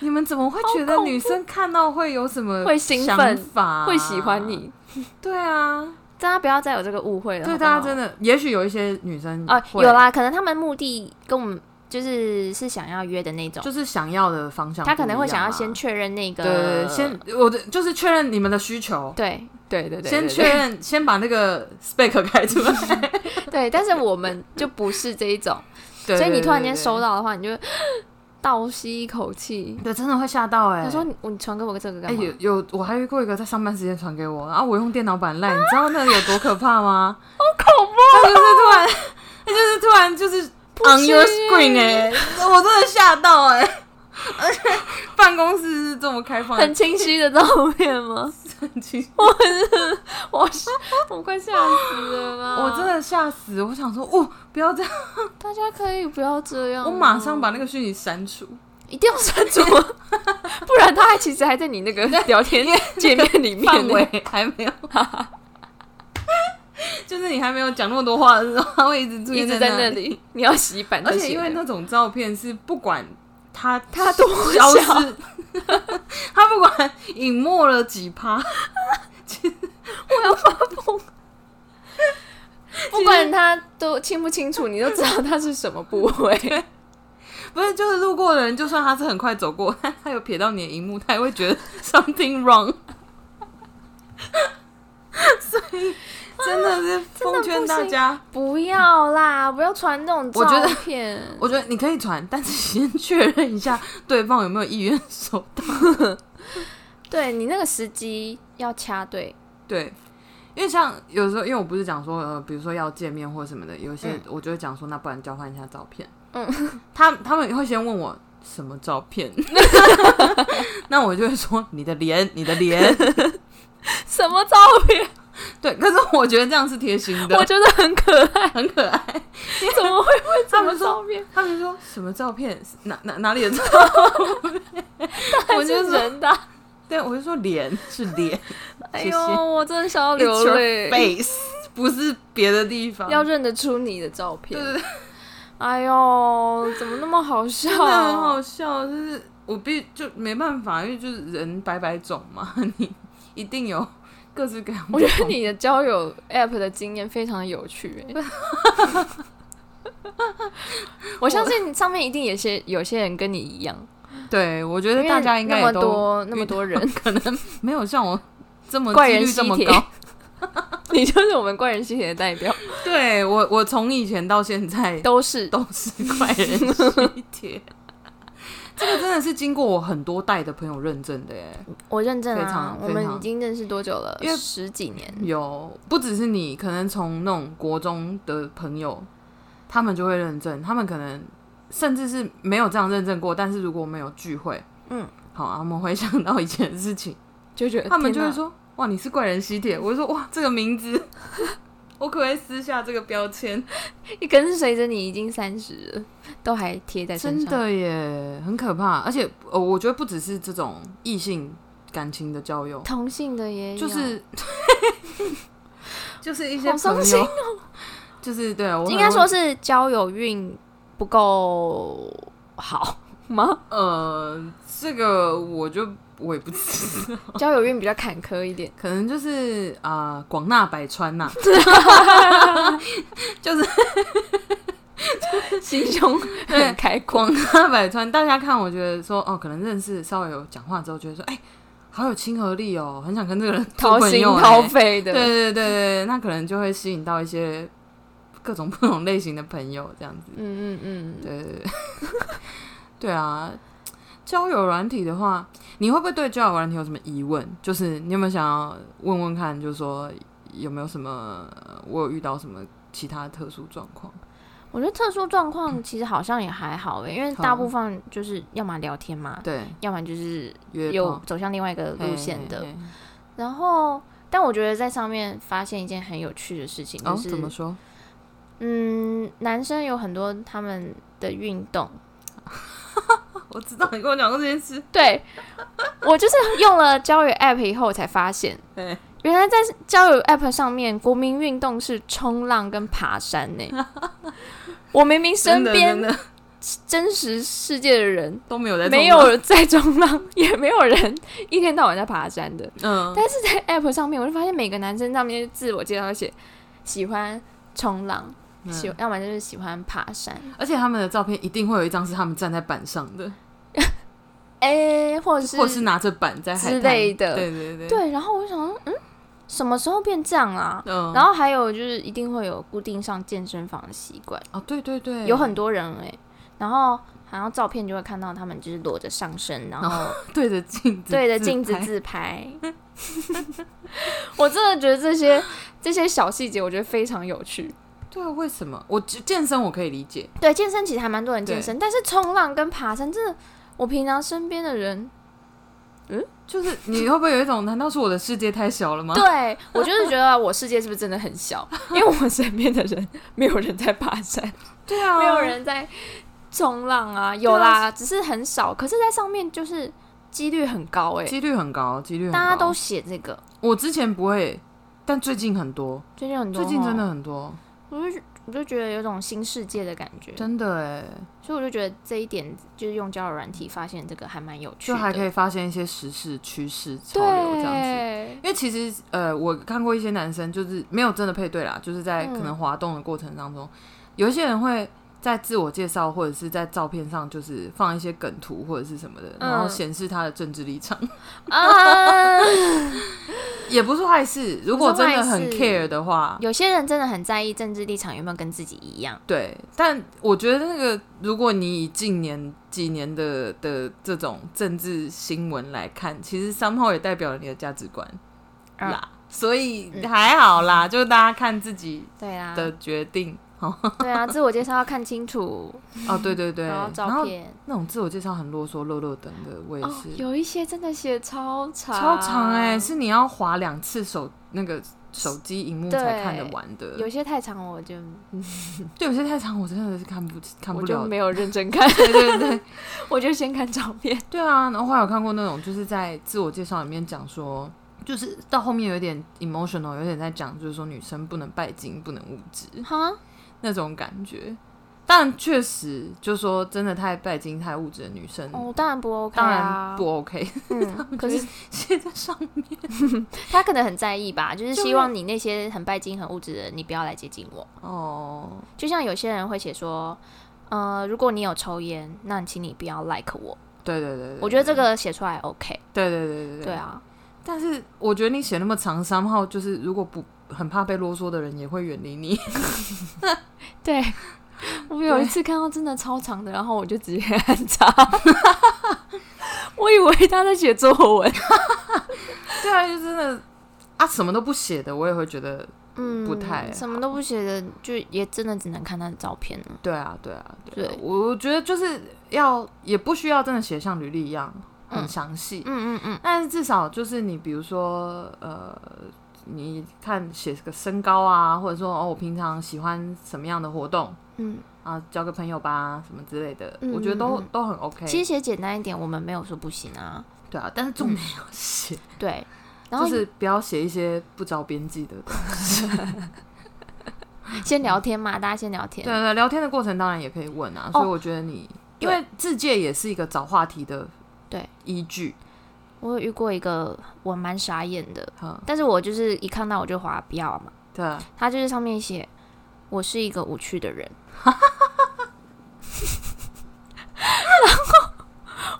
Speaker 1: 你們怎麼會覺得女生看到會有什麼會興奮、會喜歡你？
Speaker 2: 對啊，大家不要再有這個誤會了好不好？對大家真的，
Speaker 1: 也許有一些女生啊，有啦，
Speaker 2: 可能他們目的跟我們。就是是想要約的那種，就是想要的方向、啊。他可能會想要先確認那個對對對對，先我的就是確認你們的需求。對對對對，對對對，先確認，先把那個
Speaker 1: spec 開出來。
Speaker 2: 對，但是我們就不是這一種， 所以你突然間收到的話，你就對對對對倒吸一口氣。對，真的會嚇到哎、欸！他說你傳給我這
Speaker 1: 個幹嘛？欸、有有，我還遇過一個在上班時間傳給我，然、啊、後我用電腦版 LINE 你知道那個有多可怕嗎？ 好恐怖、喔！他、這個、就是突然，他就是突然就是。On your screen，哎、
Speaker 2: 欸， 我真的嚇到哎、欸！而 且辦公室是這麼開放的，很清晰的照片嗎？很 清，我我嚇，我快嚇死了！ 我真的嚇死！我想說，哦，不要這樣！大家可以不要這樣、喔！我馬上把那個訊息刪除，一定要刪除， 不然他還其實還在你那個聊天 界面裡面， 還沒有。 就
Speaker 1: 是你還沒有講那麼多話的時候，他
Speaker 2: 會一直注意一直在那裡。你要洗反，而且因為
Speaker 1: 那種照片是不管他他多小，他，都消失笑 他不管
Speaker 2: 隱沒了幾趴，其實我要發瘋。不管他都清不清楚，你都知道他是什麼部位。
Speaker 1: 不是，就是路過的人，就算他是很快走過，他有瞥到你的熒幕，他也會覺得 something wrong。
Speaker 2: 所以。真的是奉勸大家、啊、不，不要啦！嗯、不要傳那種照片。我覺得，
Speaker 1: 我覺得你可以傳，但是先確認一下對方有沒有意願收到。呵呵，
Speaker 2: 對你那個時機要掐對，
Speaker 1: 對，因為像有時候，因為我不是講說、呃，比如說要見面或什麼的，有些我就會講說、嗯，那不然交換一下照片。嗯，他們他們會先問我什麼照片，那我就會說你的臉，你的臉，
Speaker 2: 什麼照片？
Speaker 1: 對，可是我覺得這樣是貼心的，我覺得很可愛，很可
Speaker 2: 愛。 你怎麼會？會麼照片他？他們說
Speaker 1: 什麼照片？哪哪哪裡的照片？
Speaker 2: 是我覺得人
Speaker 1: 大、啊，對，我就說臉是臉。哎呦，我真的想要流淚。Face 不是別的地方，要
Speaker 2: 認得出你的照片。對對。 哎呦，怎麼那麼好笑，啊？真的很好
Speaker 1: 笑，就是我必就沒辦法，因為就是人百百種嘛，
Speaker 2: 你一定有。各自感。我覺得你的交友 App 的經驗非常有趣、欸 我。我相信上面一定有些有些人跟你一樣。對，我覺得大家應該都那麼多人，
Speaker 1: 可能沒有像我這麼，這麼 怪人高。
Speaker 2: 你就是我們怪人
Speaker 1: 吸鐵的代表。對我，我從以前到現在都是都是
Speaker 2: 怪人吸鐵。
Speaker 1: 這個真的是經過我很多代的朋友認證的耶，我認證了，啊非常非常。我們已
Speaker 2: 經認識多久了？十幾年，
Speaker 1: 有不只是你，可能從那種國中的朋友，他們就會認證，他們可能甚至是沒有這樣認證過。但是如果沒有聚會，嗯，好啊，我們回想到以前的事情，就覺得他們就會說，哇，你是怪人吸鐵，我就說哇，這個名字。
Speaker 2: 我可，不可以撕下這個標籤，一跟隨着你已經三十了，都還
Speaker 1: 貼在身上，真的耶，很可怕。而且，呃，我覺得不只是這種異性感情的交友，
Speaker 2: 同性的也有，就是， 就是一些傷心哦，就
Speaker 1: 是對、啊我，應該說是
Speaker 2: 交友運不夠好
Speaker 1: 嗎？呃，這個我就。我也不知道，交友運比較坎坷一點，可能就是、呃、啊，廣納百川吶，
Speaker 2: 就是 就心胸很開闊，廣納
Speaker 1: 百川。大家看，我覺得說哦，可能認識稍微有講話之後，覺得說哎，好有親和力哦，很想跟這個人掏心掏肺的、哎，對對對對，那可能就會吸引到一些各種不同類型的朋友這樣子，嗯嗯嗯，對對對， 對啊。交友軟體的話，你會不會對交友軟體有什麼疑問？就是你有沒有想要問問看，就是說有沒有什麼我有遇到什麼其他特殊狀況？
Speaker 2: 我覺得特殊狀況其實好像也還好，欸嗯，因為大部分就是要麼聊天嘛，對、嗯，要不然就是有走向另外一個路線的嘿嘿嘿。然後，但我覺得在上面發現一件很有趣的事情，就是、哦、怎麼說？嗯，男生有很多他們的運動。
Speaker 1: 我知
Speaker 2: 道你跟我講過這件事，對，我就是用了交友 app 以後才發現，對，原來在交友 app 上面，國民運動是衝浪跟爬山呢、欸。 我明明身邊真,真,真實世界的人都沒有在衝浪，沒有在衝浪，也沒有人一天到晚在爬山的。嗯，但是在 app 上面，我就發現每個男生上面自我介紹寫喜歡衝浪。喜，要麼就是喜歡爬山，
Speaker 1: 而且他們的照片一定會有一張是他們站在板上的，哎、 欸，或者是或是拿着板在之類的，對，對對對，對。
Speaker 2: 然後我就想說，嗯，什麼時候變這樣啊、嗯？然後還有就是一定會有固定上健身房的習慣。哦，對對對，有很多人哎、欸。然後，然後照片就會看到他們就是裸着上身，然後對着鏡子對着鏡子自拍。 我真的覺得這些 這些小細節，我覺得非常有趣。對啊，為
Speaker 1: 什麼？我健身我可以理解。
Speaker 2: 對，健身其實還蠻多人健身，但是衝浪跟爬山，這我平常身邊的人，嗯、
Speaker 1: 欸，
Speaker 2: 就是你會不會有一種，難道是我的世界太小了嗎？對，我就是覺得我世界是不是真的很小？ 因為我們身邊的人沒有人在爬山， 對啊，沒有人在衝浪啊，有啦、啊，只是很少。可是，在上面就是幾率很高，哎，幾率很高，
Speaker 1: 幾率很高，大家都寫這個。我之前不會，但最近很多，
Speaker 2: 最近很多、哦，最近真的很多。我就我就覺得有種新世界的感覺，真的誒。所以我就覺得這一點就是用交友軟體發現這個還蠻有趣的，就還
Speaker 1: 可以發現一些時事趨勢潮流這樣子。因為其實呃，我看過一些男生就是沒有真的配對啦，就是在可能滑動的過程當中，嗯、有一些人會。在自我介紹或者是在照片上，就是放一些梗圖或者是什麼的，嗯、然後顯示他的政治立場，
Speaker 2: 嗯、
Speaker 1: 也不是壞事。如果真的很 care 的話，
Speaker 2: 有些人真的很在意政治立場有沒有跟自己一
Speaker 1: 樣。對，但我覺得那個，如果你以近年幾年的的這種政治新聞來看，其實 somehow 也代表了你的價值觀、啊、啦。所以還好啦，嗯、就大家看自己對啊的決定。
Speaker 2: 對啊，自我介紹要看清楚啊、哦！對對對，照
Speaker 1: 片那種自我介紹很囉嗦、落落長的，我也是、哦、有
Speaker 2: 一些真的寫超長，超長哎、
Speaker 1: 欸，是你要滑兩次手那個手機螢幕才看得完的。有一些太長我就， 對，有一些太長我真的是看不看不了，我沒有認真看。 對對對， 我就先看照片。對啊，然後還有看過那種就是在自我介紹裡面講說，就是到後面有點 emotional，有點在講，就是說女生不能拜金，不能物質。哈。那種感覺，但確實就是說，真的太拜金，太物質的女生，哦，
Speaker 2: 當然不 OK、啊，當然不 OK，嗯。可是寫在上面，她可，可能很在意吧，就是希望你那些很拜金、很物質的人，你不要來接近我。哦，就像有些人會寫說，呃，如果你有抽煙，那你請你不要 like 我。
Speaker 1: 對對對對，對，我覺得這
Speaker 2: 個寫出來 OK。對，對
Speaker 1: 對對對對，對啊。但是我覺得你寫那麼長三號，就是如果不。很怕被囉嗦的人也會遠離你 。
Speaker 2: 對，我有一次看到真的超長的，然後我就直接很長 我以為他在寫作文。 對啊，就真的
Speaker 1: 啊，什麼都不寫的，我也會覺得嗯
Speaker 2: 不太嗯。什麼都不寫的，就也真的只能看他的照片。對啊,對啊，對啊，對。我覺得就是
Speaker 1: 要也不需要真的寫像履歷一樣很詳細。嗯嗯嗯,嗯。但是至少就是你比如說呃。你看寫個身高啊，或者說哦，我平常喜歡什麼樣的活動，嗯，啊，交個朋友吧，什麼之類的，嗯、我覺得都都很 OK。其實寫
Speaker 2: 簡單一點，我們沒有說不行啊。對啊，但是重點沒有寫、嗯。對，然後就是不要寫一些不着邊際的東西。 先聊天嘛，嗯，大家先聊天。對，對，
Speaker 1: 對聊天的過程當然也可以問啊，哦、所以我覺得你，
Speaker 2: 因為自介也是一個找話題的對依據。我有遇過一個我蠻傻眼的，但是我就是一看到我就滑掉嘛。對，他就是上面寫我是一個無趣的人， 然後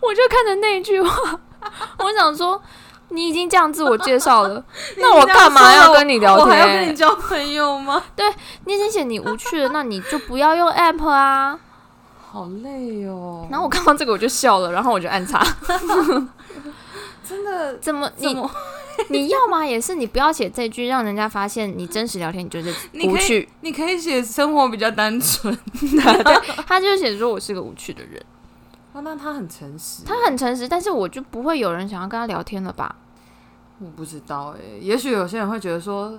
Speaker 2: 我就看着那句話， 我想說你已經這樣自我介紹了， 那我幹嘛要跟你聊天你我？我還要跟你交朋友嗎？ 對，你已經寫你無趣了，那你就不要用 app 啊。好累哦。然後我看到這個我就笑了，然後我就按叉。 真的怎麼，怎麼？你麼你要嗎？也是你不要寫這句，讓人家發現你真實聊天，你就是無趣。
Speaker 1: 你可以寫生活比較單純。
Speaker 2: 嗯。 他就他就寫說我是個無趣的人。啊，那他很誠實。他很誠實，但是我就不會有人想要跟他聊天了吧？我
Speaker 1: 不知道哎，也許有些人會覺得說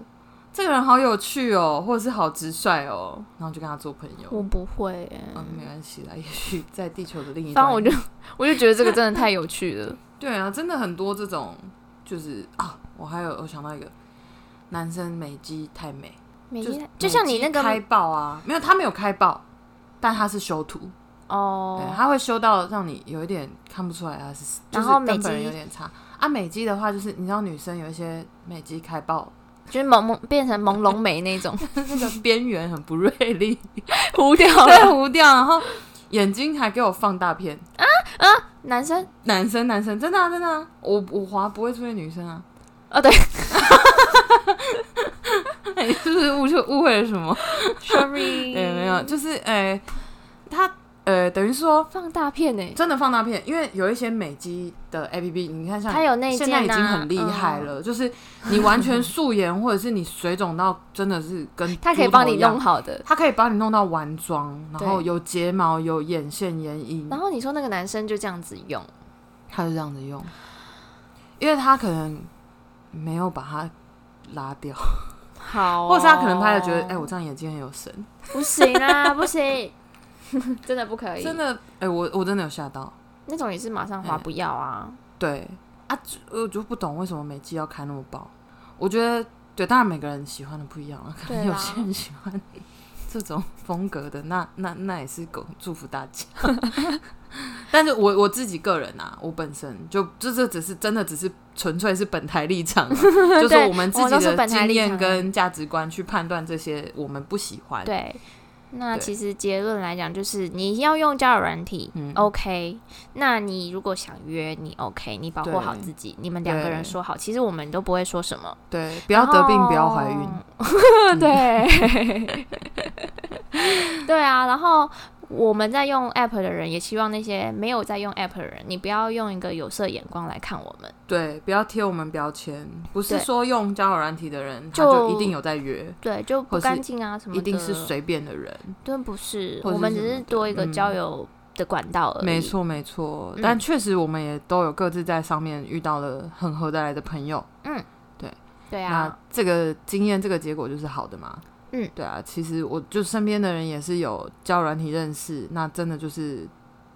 Speaker 1: 這個人好有趣哦，或者是好直率哦，然後就跟他做朋友。我不會。啊，沒關係啦。也許在
Speaker 2: 地球的另一端，我就我就覺得這個真的太有趣了。
Speaker 1: 對啊，真的很多這種，就是啊、哦，我還有我想到一個男生美肌太美，美肌，就，美肌、啊、就像你那個開爆啊，沒有他沒有開爆，但他是修圖
Speaker 2: 哦，他、oh.
Speaker 1: 會修到讓你有一點看不出來他是，就是然後，美肌根本有點差。啊，美肌的話就是你知道女生有一些美肌開爆，就是朦朧變成朦朧美那種， 那個邊緣很不銳利，糊 掉對，糊掉對，然後。眼睛還給我放大片啊啊！男生，男生，男生，真的啊，真的啊！我我滑不會出現女生啊啊、哦！對， 欸就是不是誤就誤會了什麼？Sorry，對，沒有，就是哎、欸，他。呃，等於說放大片呢、欸，真的放大片，因為有一些美肌的 APP，你看像它有那現在已經很厲害了、啊，就是你完全素顏，或者是你水腫到真的是跟它 可以幫你弄好的，它可以幫你弄到完妝，然後有睫毛、有眼線、眼影。
Speaker 2: 然後你說那個男生就這樣子用，
Speaker 1: 他就這樣子用，因為他可能沒有把它拉掉，
Speaker 2: 好、哦，或者他可能他就覺得，哎、欸，我
Speaker 1: 這樣眼睛很有神，
Speaker 2: 不行啊，不行。 真的不可以，真的
Speaker 1: 哎、欸，我我真的有嚇到。
Speaker 2: 那種也是馬上滑不
Speaker 1: 要啊。欸、對啊，我就不懂為什麼美肌要開那麼爆。我覺得，對，當然每個人喜歡的不一樣了、啊。可能有些人喜歡這種風格的，那那那也是狗。祝福大家。 但是我，我我自己個人啊，我本身就就這只是真的只是純粹是本台立場、啊， 就是我們自己的經驗跟價值觀去判斷這些，我們不喜歡。對。
Speaker 2: 那其實結論來講，就是你要用交友軟體，嗯，OK。那你如果想約，你 OK。你保護好自己，你們兩個人說好，嗯，其實我們都不會說什麼。對，不要得病，不要懷孕。 對， 對啊，然後。我們在用 App 的人，也希望那些沒有在用 App 的人，你不要用一個有色眼光來看我們。對，不要貼我
Speaker 1: 們標籤。不是說用交友軟體的人，就他就一定有在約。對，就不乾淨啊什麼的。一定是隨便的人。
Speaker 2: 真不是，是，我們只是多一個交友的管道而已。嗯、沒錯，
Speaker 1: 沒錯。嗯、但確實，我們也都有各自在上面遇到了很合得來的朋友。嗯，對。對啊，這個經驗，這個結果就是好的嘛。嗯、對啊，其實我就身邊的人也是有交友軟體認識，那真的就是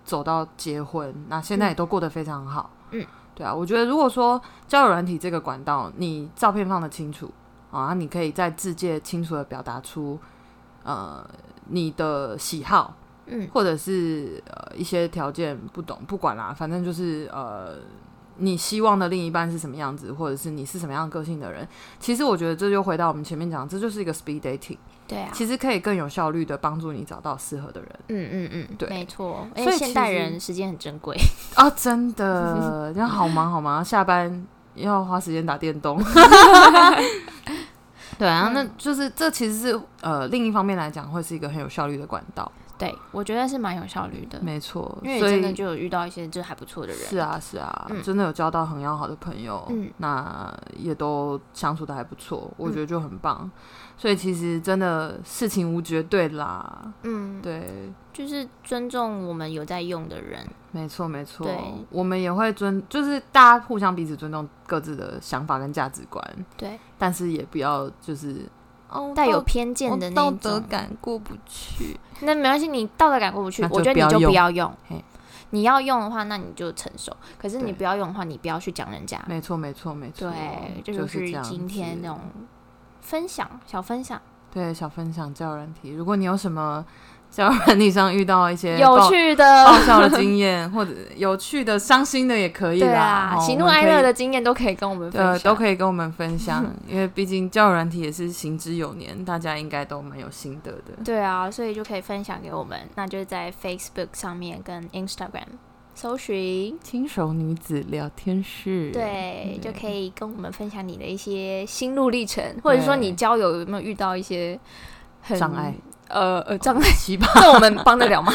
Speaker 1: 走到結婚，那現在也都過得非常好。嗯，嗯對啊，我覺得如果說交友軟體這個管道，你照片放得清楚啊，你可以在字界清楚地表達出呃你的喜好，嗯，或者是、呃、一些條件不懂不管啦、啊，反正就是呃。你希望的另一半是什麼樣子，或者是你是什麼樣個性的人？其實我覺得這就回到我們前面講，這就是一個 speed dating，對啊，其實可以更有效率的幫助你找到適合的人。嗯嗯嗯，對，沒錯。所以現代人
Speaker 2: 時間很珍貴
Speaker 1: 啊，真的，人 家好忙好忙，下班要花時間打電動。 對啊，嗯，那就是這其實是呃，另一方面來講，會是一個很有效率的管道。
Speaker 2: 對，我覺得是蠻有效率的。嗯、
Speaker 1: 沒錯，因為真的就有
Speaker 2: 遇到一些就還不錯的人。是啊，是啊、嗯，
Speaker 1: 真的有交到很要好的朋友，嗯、那也都相處得還不錯、嗯，我覺得就很棒。所以其實真的事情無絕對啦。嗯，
Speaker 2: 對，就是尊重我們有在用的人。
Speaker 1: 沒錯，沒錯，對，我們也會尊，就是大家互相彼此尊重各自的想法跟價值觀。對，但是也不要就是。
Speaker 2: 帶有偏見的那種道德感過不去，那沒關係。你道德感過不去不，我覺得你就不要用。你要用的話，那你就承受；可是你不要用的話，你不要去講人家。沒錯，沒錯，沒錯。對，這就是這今天那種分享，小分享。
Speaker 1: 對，小分享叫人提。如果你有什麼。交友軟體上遇到一些有趣的、爆笑的經驗， 或者有趣的、傷心的也可以啦。對啊，喜怒哀樂的
Speaker 2: 經驗都可以跟我們分享，對啊，都
Speaker 1: 可以跟我們分享， 因為畢竟交友軟體也是行之有年，大家應該都蠻有心得的。
Speaker 2: 對啊，所以就可以分享給我們。那就在 Facebook 上面跟 Instagram 搜尋“輕
Speaker 1: 熟女子聊天室”，對”，對，就可
Speaker 2: 以跟我們分享你的一些心路歷程，或者說你交友有沒有遇到一些很障礙。呃呃，藏在奇葩， 那我們幫得了嗎？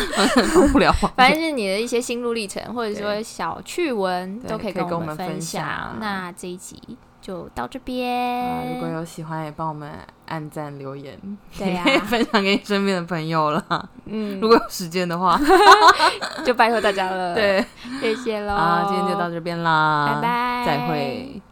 Speaker 2: 幫 不了。反正是你的一些心路歷程，或者說小趣聞，都可以，可以跟我們分享。那這一集就到這邊，呃。如果有
Speaker 1: 喜歡，也幫我們按讚、留言，也可以分享給你身邊的朋友了。 嗯，如果有時間的話，
Speaker 2: 就拜托大家了。對， 對謝謝嘍。好，今天就到這邊啦，拜拜，再會。